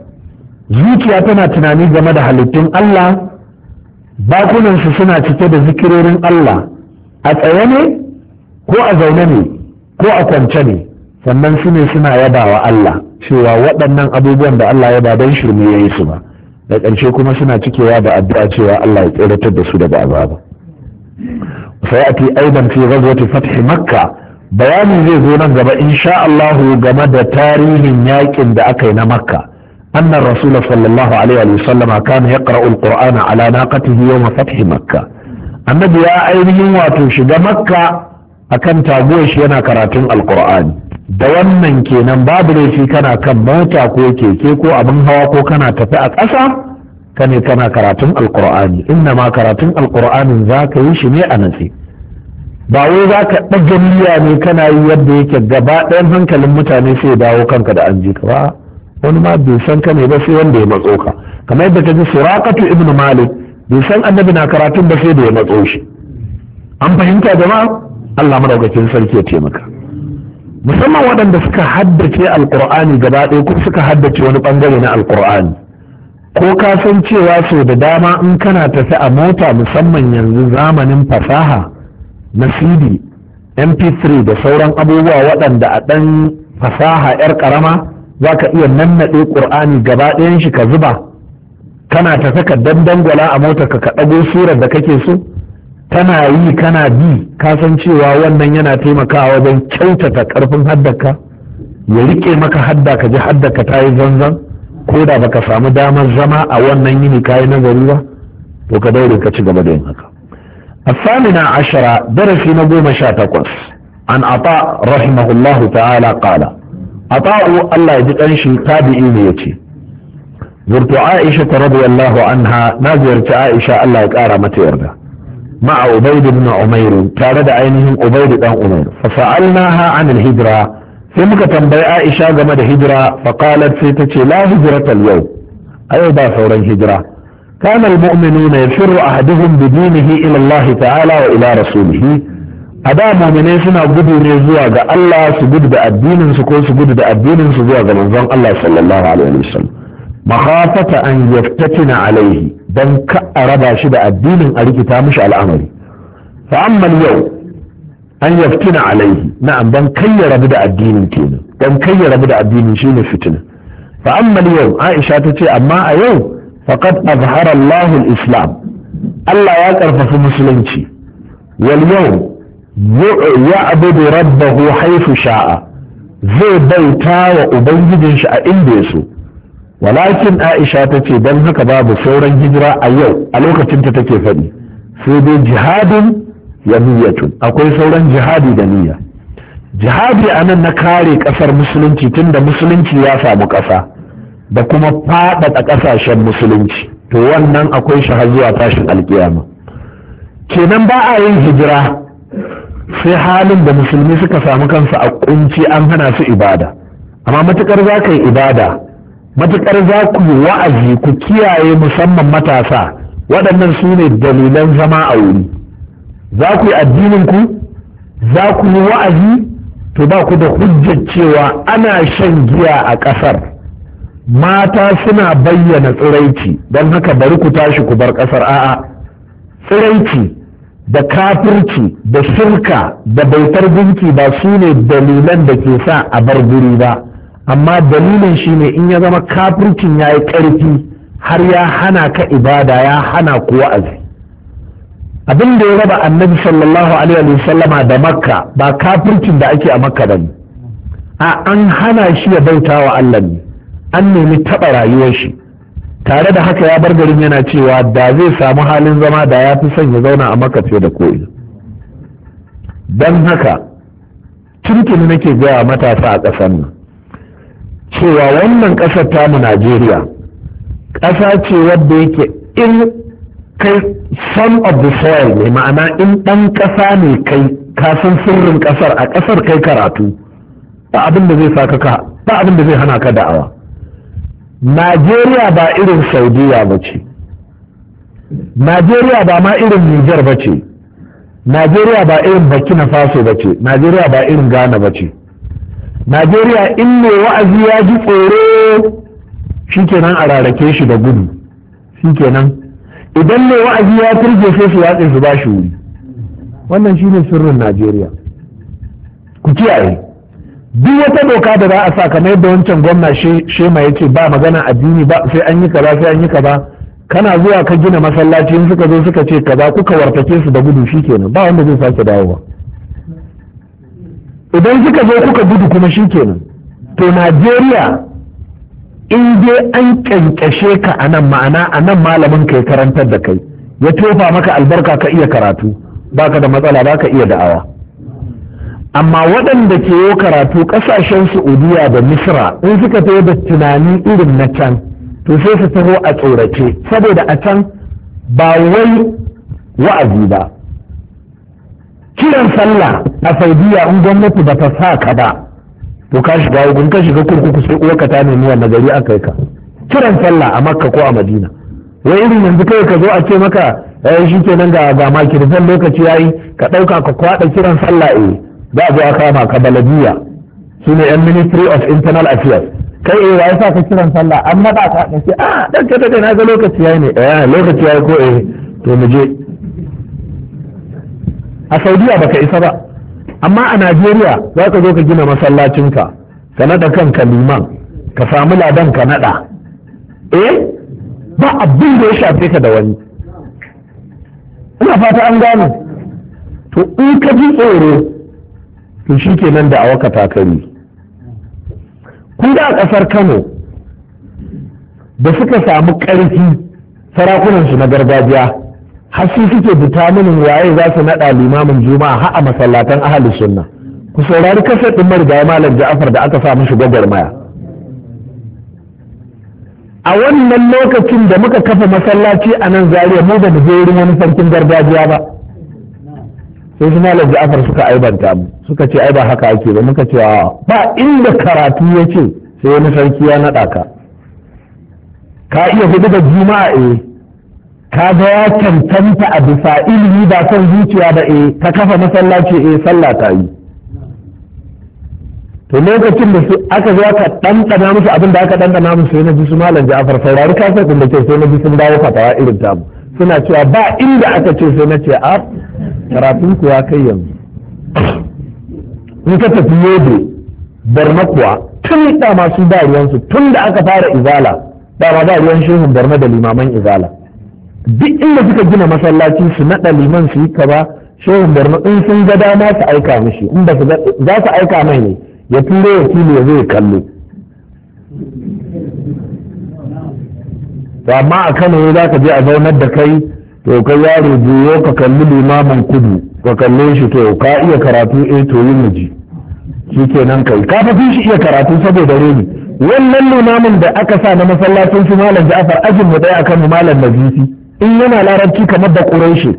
zuciya tana tunani game da halittun Allah bakunansu suna cike da zikirorin Allah a tsaye ne ko a zaune ne ko a kwance ne sannan su ne suna yaba wa Allah cewa waɗannan abubuwan da Allah ya ba don shirme ya yi su ba da ƙarshe kuma suna cikewa da addu'a cewa Allah ya tsoratar da su daga azaba fa'ati aidan fi ghazwati fath makka bayani zai zo nan gaba insha Allah game da tarihin yaƙin da aka yi na makka anna rasul sallallahu alaihi wa sallam kana yaqra'u alqur'ana ala naqatihi yawm fath makka annabi ya ainihin wato shiga makka akan taguwar shi yana karatun alkur'ani da wannan kenan babu laifi kana kan mota ko keke ko abin hawa ko kana tafi a ƙasa ka ne kana karatun alkur'ani inna ma karatun alkur'anin za ka yi shi ne a natsi ba wai za ka ɗaga miya ne kana yi yadda yake gaba ɗayan hankalin mutane sai ya dawo kanka da an ji ka ba wani ma bai san ka ne ba sai wanda ya matso ka kamar yadda ka ji surakatu ibnu malik bai san annabi na karatun ba sai da ya matso shi an fahimta jama'a Allah madaukakin sarki ya taimaka musamman waɗanda suka haddace alkur'ani gaba ɗaya ko suka haddace wani ɓangare na alkur'ani ko ka san cewa sau da dama in kana tafi a mota musamman yanzu zamanin fasaha na cd mp3 da sauran abubuwa waɗanda a ɗan fasaha 'yar ƙarama za ka iya nannaɗe ƙur'ani gaba ɗayan shi ka zuba kana tafi ka dandangwala a mota ka ɗago surar da kake so tana yi kana bi cewa wannan yana taimakawa wajen kyautata karfin haddaka ya rike maka hadda ka ji haddaka ta yi zanzan ko da baka samu damar zama a wannan yini ka yi nazari ba to ka daure ka ci gaba da yin haka asamina ashara darasi na goma sha takwas an ata rahimahullah ta'ala qala ata'u Allah ji dan shi tabi'i ne yace zurtu aisha ta radiyallahu anha na ziyarci aisha Allah ya kara mata yarda ma'a ubaid ibn umair tare da ainihin ubaidu dan umair fa sa'alnaha an al sai muka tambayi Aisha game da hijira fa qalat sai tace la hijrata yau a yau ba sauran hijira kana al-mu'minuna yafirru a bi dinihi ila Allah ta'ala wa ila a da mu'minai suna gudu ne zuwa ga Allah su gudu da addininsu su ko su gudu da addininsu zuwa ga manzon Allah sallallahu alaihi wasallam makhafata an yaftatina alaihi don ka a raba shi da addinin a rikita mishi al'amari fa amma yau an yaftina alaihi na'am don kai ya rabu da addinin kenan don kai ya rabu da addinin shine fitina fa amma yau Aisha ta ce amma a yau faqad azhara Allah al-islam Allah ya karfafa musulunci wal yau ya ya'budu rabbahu haythu sha'a zai bauta wa ubangijin shi a inda ya so walakin aisha ta ce don haka babu sauran hijira a yau a lokacin ta take faɗi sai dai jihadin ya tun. akwai sauran jihadi da niyya jihadi a nan na kare ƙasar musulunci tunda musulunci ya samu ƙasa da kuma faɗaɗa ƙasashen musulunci to wannan akwai shahar zuwa tashin alkiyama kenan ba a yin hijira sai halin da musulmi suka samu kansu a ƙunci an hana su ibada amma matukar za ka yi ibada matuƙar za ku yi wa'azi ku kiyaye musamman matasa waɗannan su ne dalilan zama a wuri za ku yi addininku za ku yi wa'azi to ba ku da hujjar cewa ana shan giya a ƙasar mata suna bayyana tsiraici don haka bari ku tashi ku bar ƙasar a'a tsiraici da kafirci da shirka da bautar gunki ba su ne dalilan da ke sa a bar guri ba amma dalilin shi ne in ya zama kafircin ya yi ƙarfi har ya hana ka ibada ya hana ku wa'azi abin da ya raba annabi sallallahu alaihi wa da makka ba kafircin da ake a makka ba ne a an hana shi ya bauta wa allah ne an nemi taɓa rayuwar shi tare da haka ya bar garin yana cewa da zai samu halin zama da ya fi son ya zauna a makka fiye da koyi, don haka tuntuni nake gaya matasa a ƙasar nan cewa wannan ƙasar tamu najeriya ƙasa ce wadda yake in kai son of the soil ne ma'ana in ɗan ƙasa ne kai kasan sirrin ƙasar a ƙasar kai karatu ba abin da zai sa ka ba abin da zai hana ka da'awa najeriya ba irin saudiya ba ce najeriya ba ma irin nijar ba ce najeriya ba irin burkina faso ba ce najeriya ba irin ghana ba ce najeriya in mai wa'azi ya ji tsoro shikenan a rarake shi da gudu shikenan idan mai wa'azi ya turge sai su yatsa su ba shi wuri wannan shine sirrin najeriya ku kiyaye duk wata doka da za a sa kamar yadda wancan gwamna shema ya ce ba magana addini ba sai an yi kaza sai an yi kaza kana zuwa ka gina masallaci in suka zo suka ce kaza kuka wartake su da gudu shikenan ba wanda zai sake dawowa idan suka zo kuka gudu kuma shi kenan to najeriya in je an kyankyashe ka a nan ma'ana a nan malamin ka ya karantar da kai ya tofa maka albarka ka iya karatu ba ka da matsala ba ka iya da'awa amma waɗanda ke yi karatu ƙasashen saudiya da misra in suka taho da tunani irin na can to sai su taho a tsorace saboda a can ba wai wa'azi ba kiran sallah a saudiya in gwamnati ba ta sa ka ba to ka shiga hukun ka shiga kurkuku sai uwa ka ta nemi wannan gari aka yi ka kiran sallah a makka ko a madina wai irin yanzu kai ka zo a ce maka eh shi kenan ga ga makirfan lokaci yayi ka dauka ka kwada kiran sallah eh za a zo a kama ka baladiya shine yan ministry of internal affairs kai eh wai sa ka kiran sallah an nada ka ce ah dan ka daga na ga lokaci yayi ne eh lokaci yayi ko eh to mu je a saudiya baka isa ba amma a najeriya za ka zo ka gina masallacinka ka naɗa kanka liman ka samu ladan ka naɗa eh ba abin da ya shafe ka da wani ina fata an gano to in ka ji tsoro to shi kenan da awaka takari kun da a ƙasar kano da suka samu ƙarfi sarakunansu na gargajiya har su suke mini waye za su naɗa limamin juma'a har a masallatan ahalin sunna ku saurari kasar ɗin marigayi malam ja'afar da aka sa mishi maya a wannan lokacin da muka kafa masallaci a nan zariya mu ba mu je wurin wani sarkin gargajiya ba sai su malam ja'afar suka aibanta mu suka ce ai ba haka ake ba muka ce ba inda karatu ya ce sai wani sarki ya naɗa ka ka iya hudu da juma'a eh kaga ya cancanta a bisa ilimi ba son zuciya ba eh ta kafa masallaci eh sallah ta yi to lokacin da su aka zo aka ɗanɗana musu abin da aka ɗanɗana musu sai na ji su malam Ja'far saurari sai da ke sai na ji sun dawo fatawa irin mu suna cewa ba inda aka ce sai na ce a karatun ku ya kai yanzu in ka tafi yobe barna kuwa tun da masu da tun da aka fara izala dama ba ruwan shehun barna da limaman izala duk inda suka gina masallaci su naɗa liman su yi kaba. shehun borno in sun ga dama su aika mishi in ba su za su aika mai ne ya turo wakili ya zai kallo to amma a kano za ka je a zaunar da kai to kai yaro juyo ka kalli limamin kudu ka kalle shi to ka iya karatu eh to yi miji shi kenan kai ka fa shi iya karatu saboda reni wannan limamin da aka sa na masallacin su malam ja'far ajin mu daya akan malam najisi in yana larabci kamar da ƙuraishi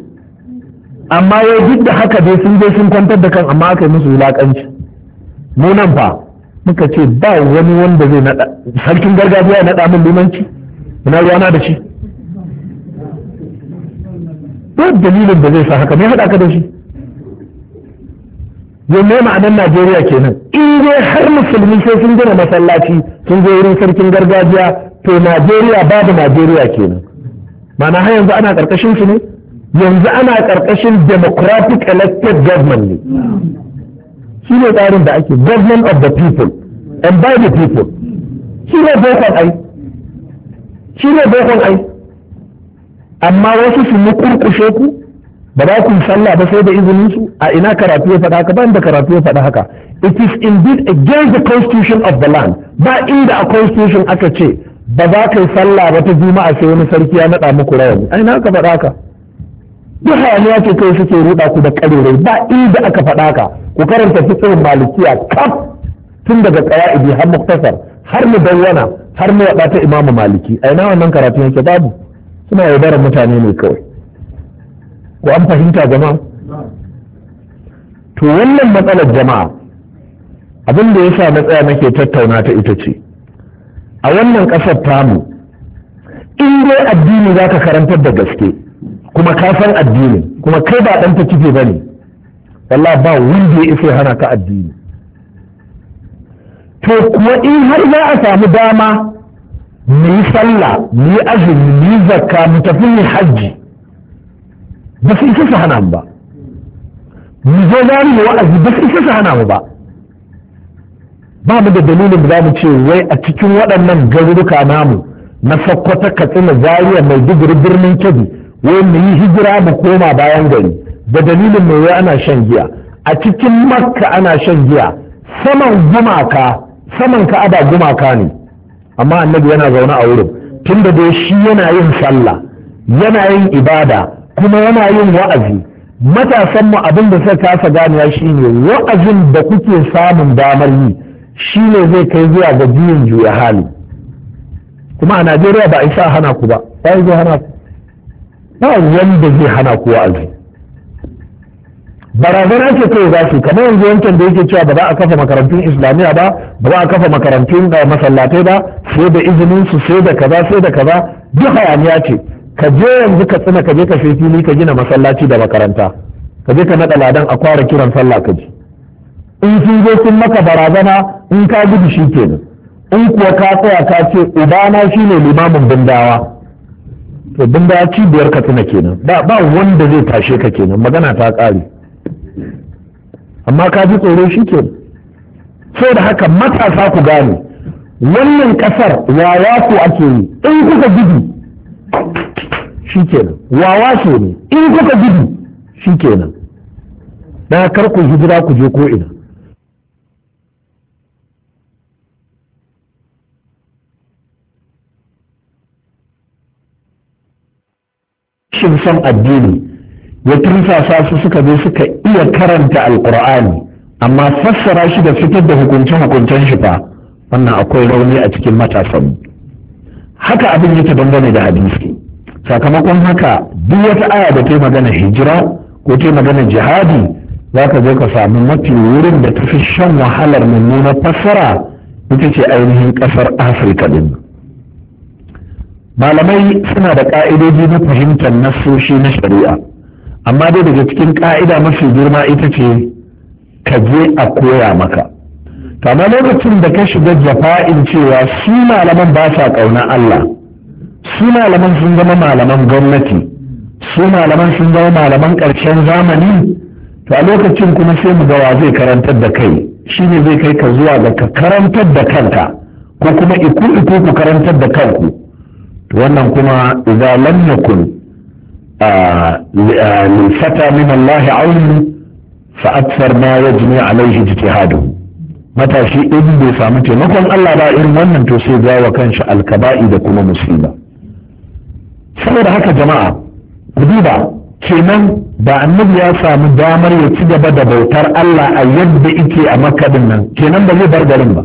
amma ya duk da haka dai sun je sun kwantar da kan amma aka yi musu wulaƙanci mu nan fa muka ce ba wani wanda zai naɗa sarkin gargajiya ya naɗa min limanci ina ruwana da shi ba dalilin da zai sa haka mai haɗa ka da shi mai ma'anar najeriya kenan in je har musulmi sai sun gina masallaci sun je wurin sarkin gargajiya to najeriya babu najeriya kenan ma'ana har yanzu ana karkashin su ne yanzu ana karkashin democratic elected government ne shi ne tsarin da ake government of the people and by the people shi ne bokon ai shi ne bokon ai amma wasu su mukurkushe ku ba za ku sallah ba sai da izinin su a ina karatu ya faɗa haka ba da karatu ya faɗa haka it is indeed against the constitution of the land ba inda a constitution aka ce ba za ka yi sallah ba ta juma'a sai wani sarki ya naɗa muku rawani ai na ka faɗa ka duk hayaniya ce kai suke ruɗa ku da ƙarerai ba inda aka faɗa ka ku karanta fiqhin malikiya kaf tun daga qawaidi har muktasar har mu mudawwana har mu waɗa ta imamu maliki ai na wannan karatu yake babu suna yaudarar mutane ne kawai Ku an fahimta jama'a to wannan matsalar jama'a abin da yasa na tsaya nake tattauna ta ita ce a wannan ƙasar tamu in dai addini za ka karantar da gaske kuma ka san addini kuma kai ba ɗan ta kife ba ne wallah ba wanda ya isa hana ka addini to kuma in har za a samu dama mu yi sallah mu yi azumi mu yi zakka mu tafi mu hajji ba su isa su hana mu ba mu zo za mu wa'azi ba su isa su hana mu ba ba mu da dalilin da za mu ce wai a cikin waɗannan garuruka namu na sakkwata katsina zariya mai digiri birnin kebbi wai mu yi hijira mu koma bayan gari da dalilin mai wai ana shan giya a cikin makka ana shan giya saman gumaka saman ka'aba gumaka ne amma annabi yana zaune a wurin Tun tunda dai shi yana yin sallah yana yin ibada kuma yana yin wa'azi matasan mu abin da suka kasa ganiya shine wa'azin da kuke samun damar yi shi ne zai kai zuwa ga juyin juya hali kuma a najeriya ba a isa hana ku ba ba zuwa hana ku ba wanda zai hana ku wa'azi barazana ce kawai za su kamar yanzu yankin da yake cewa ba za a kafa makarantun islamiyya ba ba za a kafa makarantun eh, masallatai ba sai da izinin su sai da kaza sai da kaza duk hayaniya ce ka je yanzu ka tsina ka je ka sai fili ka gina masallaci da makaranta ka je ka naɗa ladan a kwara kiran sallah ka ji in sun zo sun maka barazana in ka gudu shi kenan in kuwa ka tsaya ka ce ubana shine limamin bindawa to bindawa cibiyar ka tuna kenan ba ba wanda zai tashe ka kenan magana ta ƙare amma ka ji tsoro shi kenan sai da haka matasa ku gane wannan kasar wawa ku ake yi in kuka gudu shi kenan wawa ce ne in kuka gudu shi ke nan kar ku hijira ku je ko ina shin son addini ya tursasa su suka zo suka iya karanta alkur'ani amma fassara shi da fitar da hukuncin hukuncen shi fa wannan akwai rauni a cikin matasan haka abin yake dangane da hadisi sakamakon haka duk wata aya da ta magana hijira ko ta magana jihadi za ka zo ka samu mafi wurin da ta fi shan wahalar mummunar fassara ita ce ainihin kasar afirka din malamai suna da ƙa'idoji na fahimtar nasoshi na shari'a amma dai daga cikin ƙa'ida mafi girma ita ce ka je a koya maka to amma lokacin da ka shiga jafa'in cewa su malaman ba sa ƙauna Allah su malaman sun zama malaman gwamnati su malaman sun zama malaman ƙarshen zamani to a lokacin kuma sai mu gawa zai karantar da kai shine zai kai ka zuwa ga ka karantar da kanka ko kuma iku iku ku karantar da kanku wannan kuma idza lam yakun lilfata min Allah aunu fa akthar ma yajmi alaihi ijtihadu matashi in bai samu taimakon Allah ba irin wannan to sai ga wa kanshi alkaba'i da kuma musiba saboda haka jama'a ku duba kenan da annabi ya samu damar ya ci gaba da bautar Allah a yadda yake a makadin nan kenan ba zai bar garin ba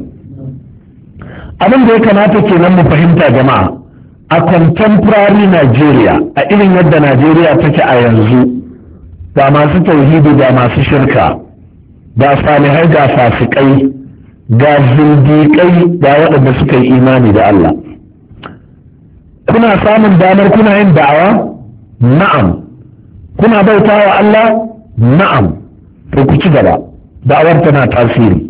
abin da ya kamata kenan mu fahimta jama'a a contemporary Nigeria a irin yadda Nigeria take a yanzu ga masu tauhidi ga masu shirka ga salihai ga fasikai ga zindiƙai ga waɗanda suka yi imani da Allah kuna samun damar kuna yin da'awa na'am kuna bauta wa Allah na'am to ku ci gaba da'awar tana tasiri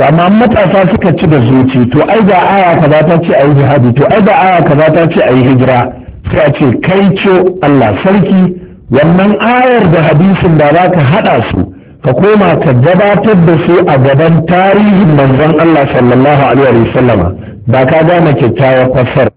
to amma matasa suka ci da zuci to ai da aya kaza ta ce ayi jihadi to ai da aya kaza ta ce ayi hijira sai a ce kai ce Allah sarki wannan ayar da hadisin da za ka haɗa su ka koma ka gabatar da su a gaban tarihin manzon Allah sallallahu alaihi wasallama ba ka gane kyakkyawar fassara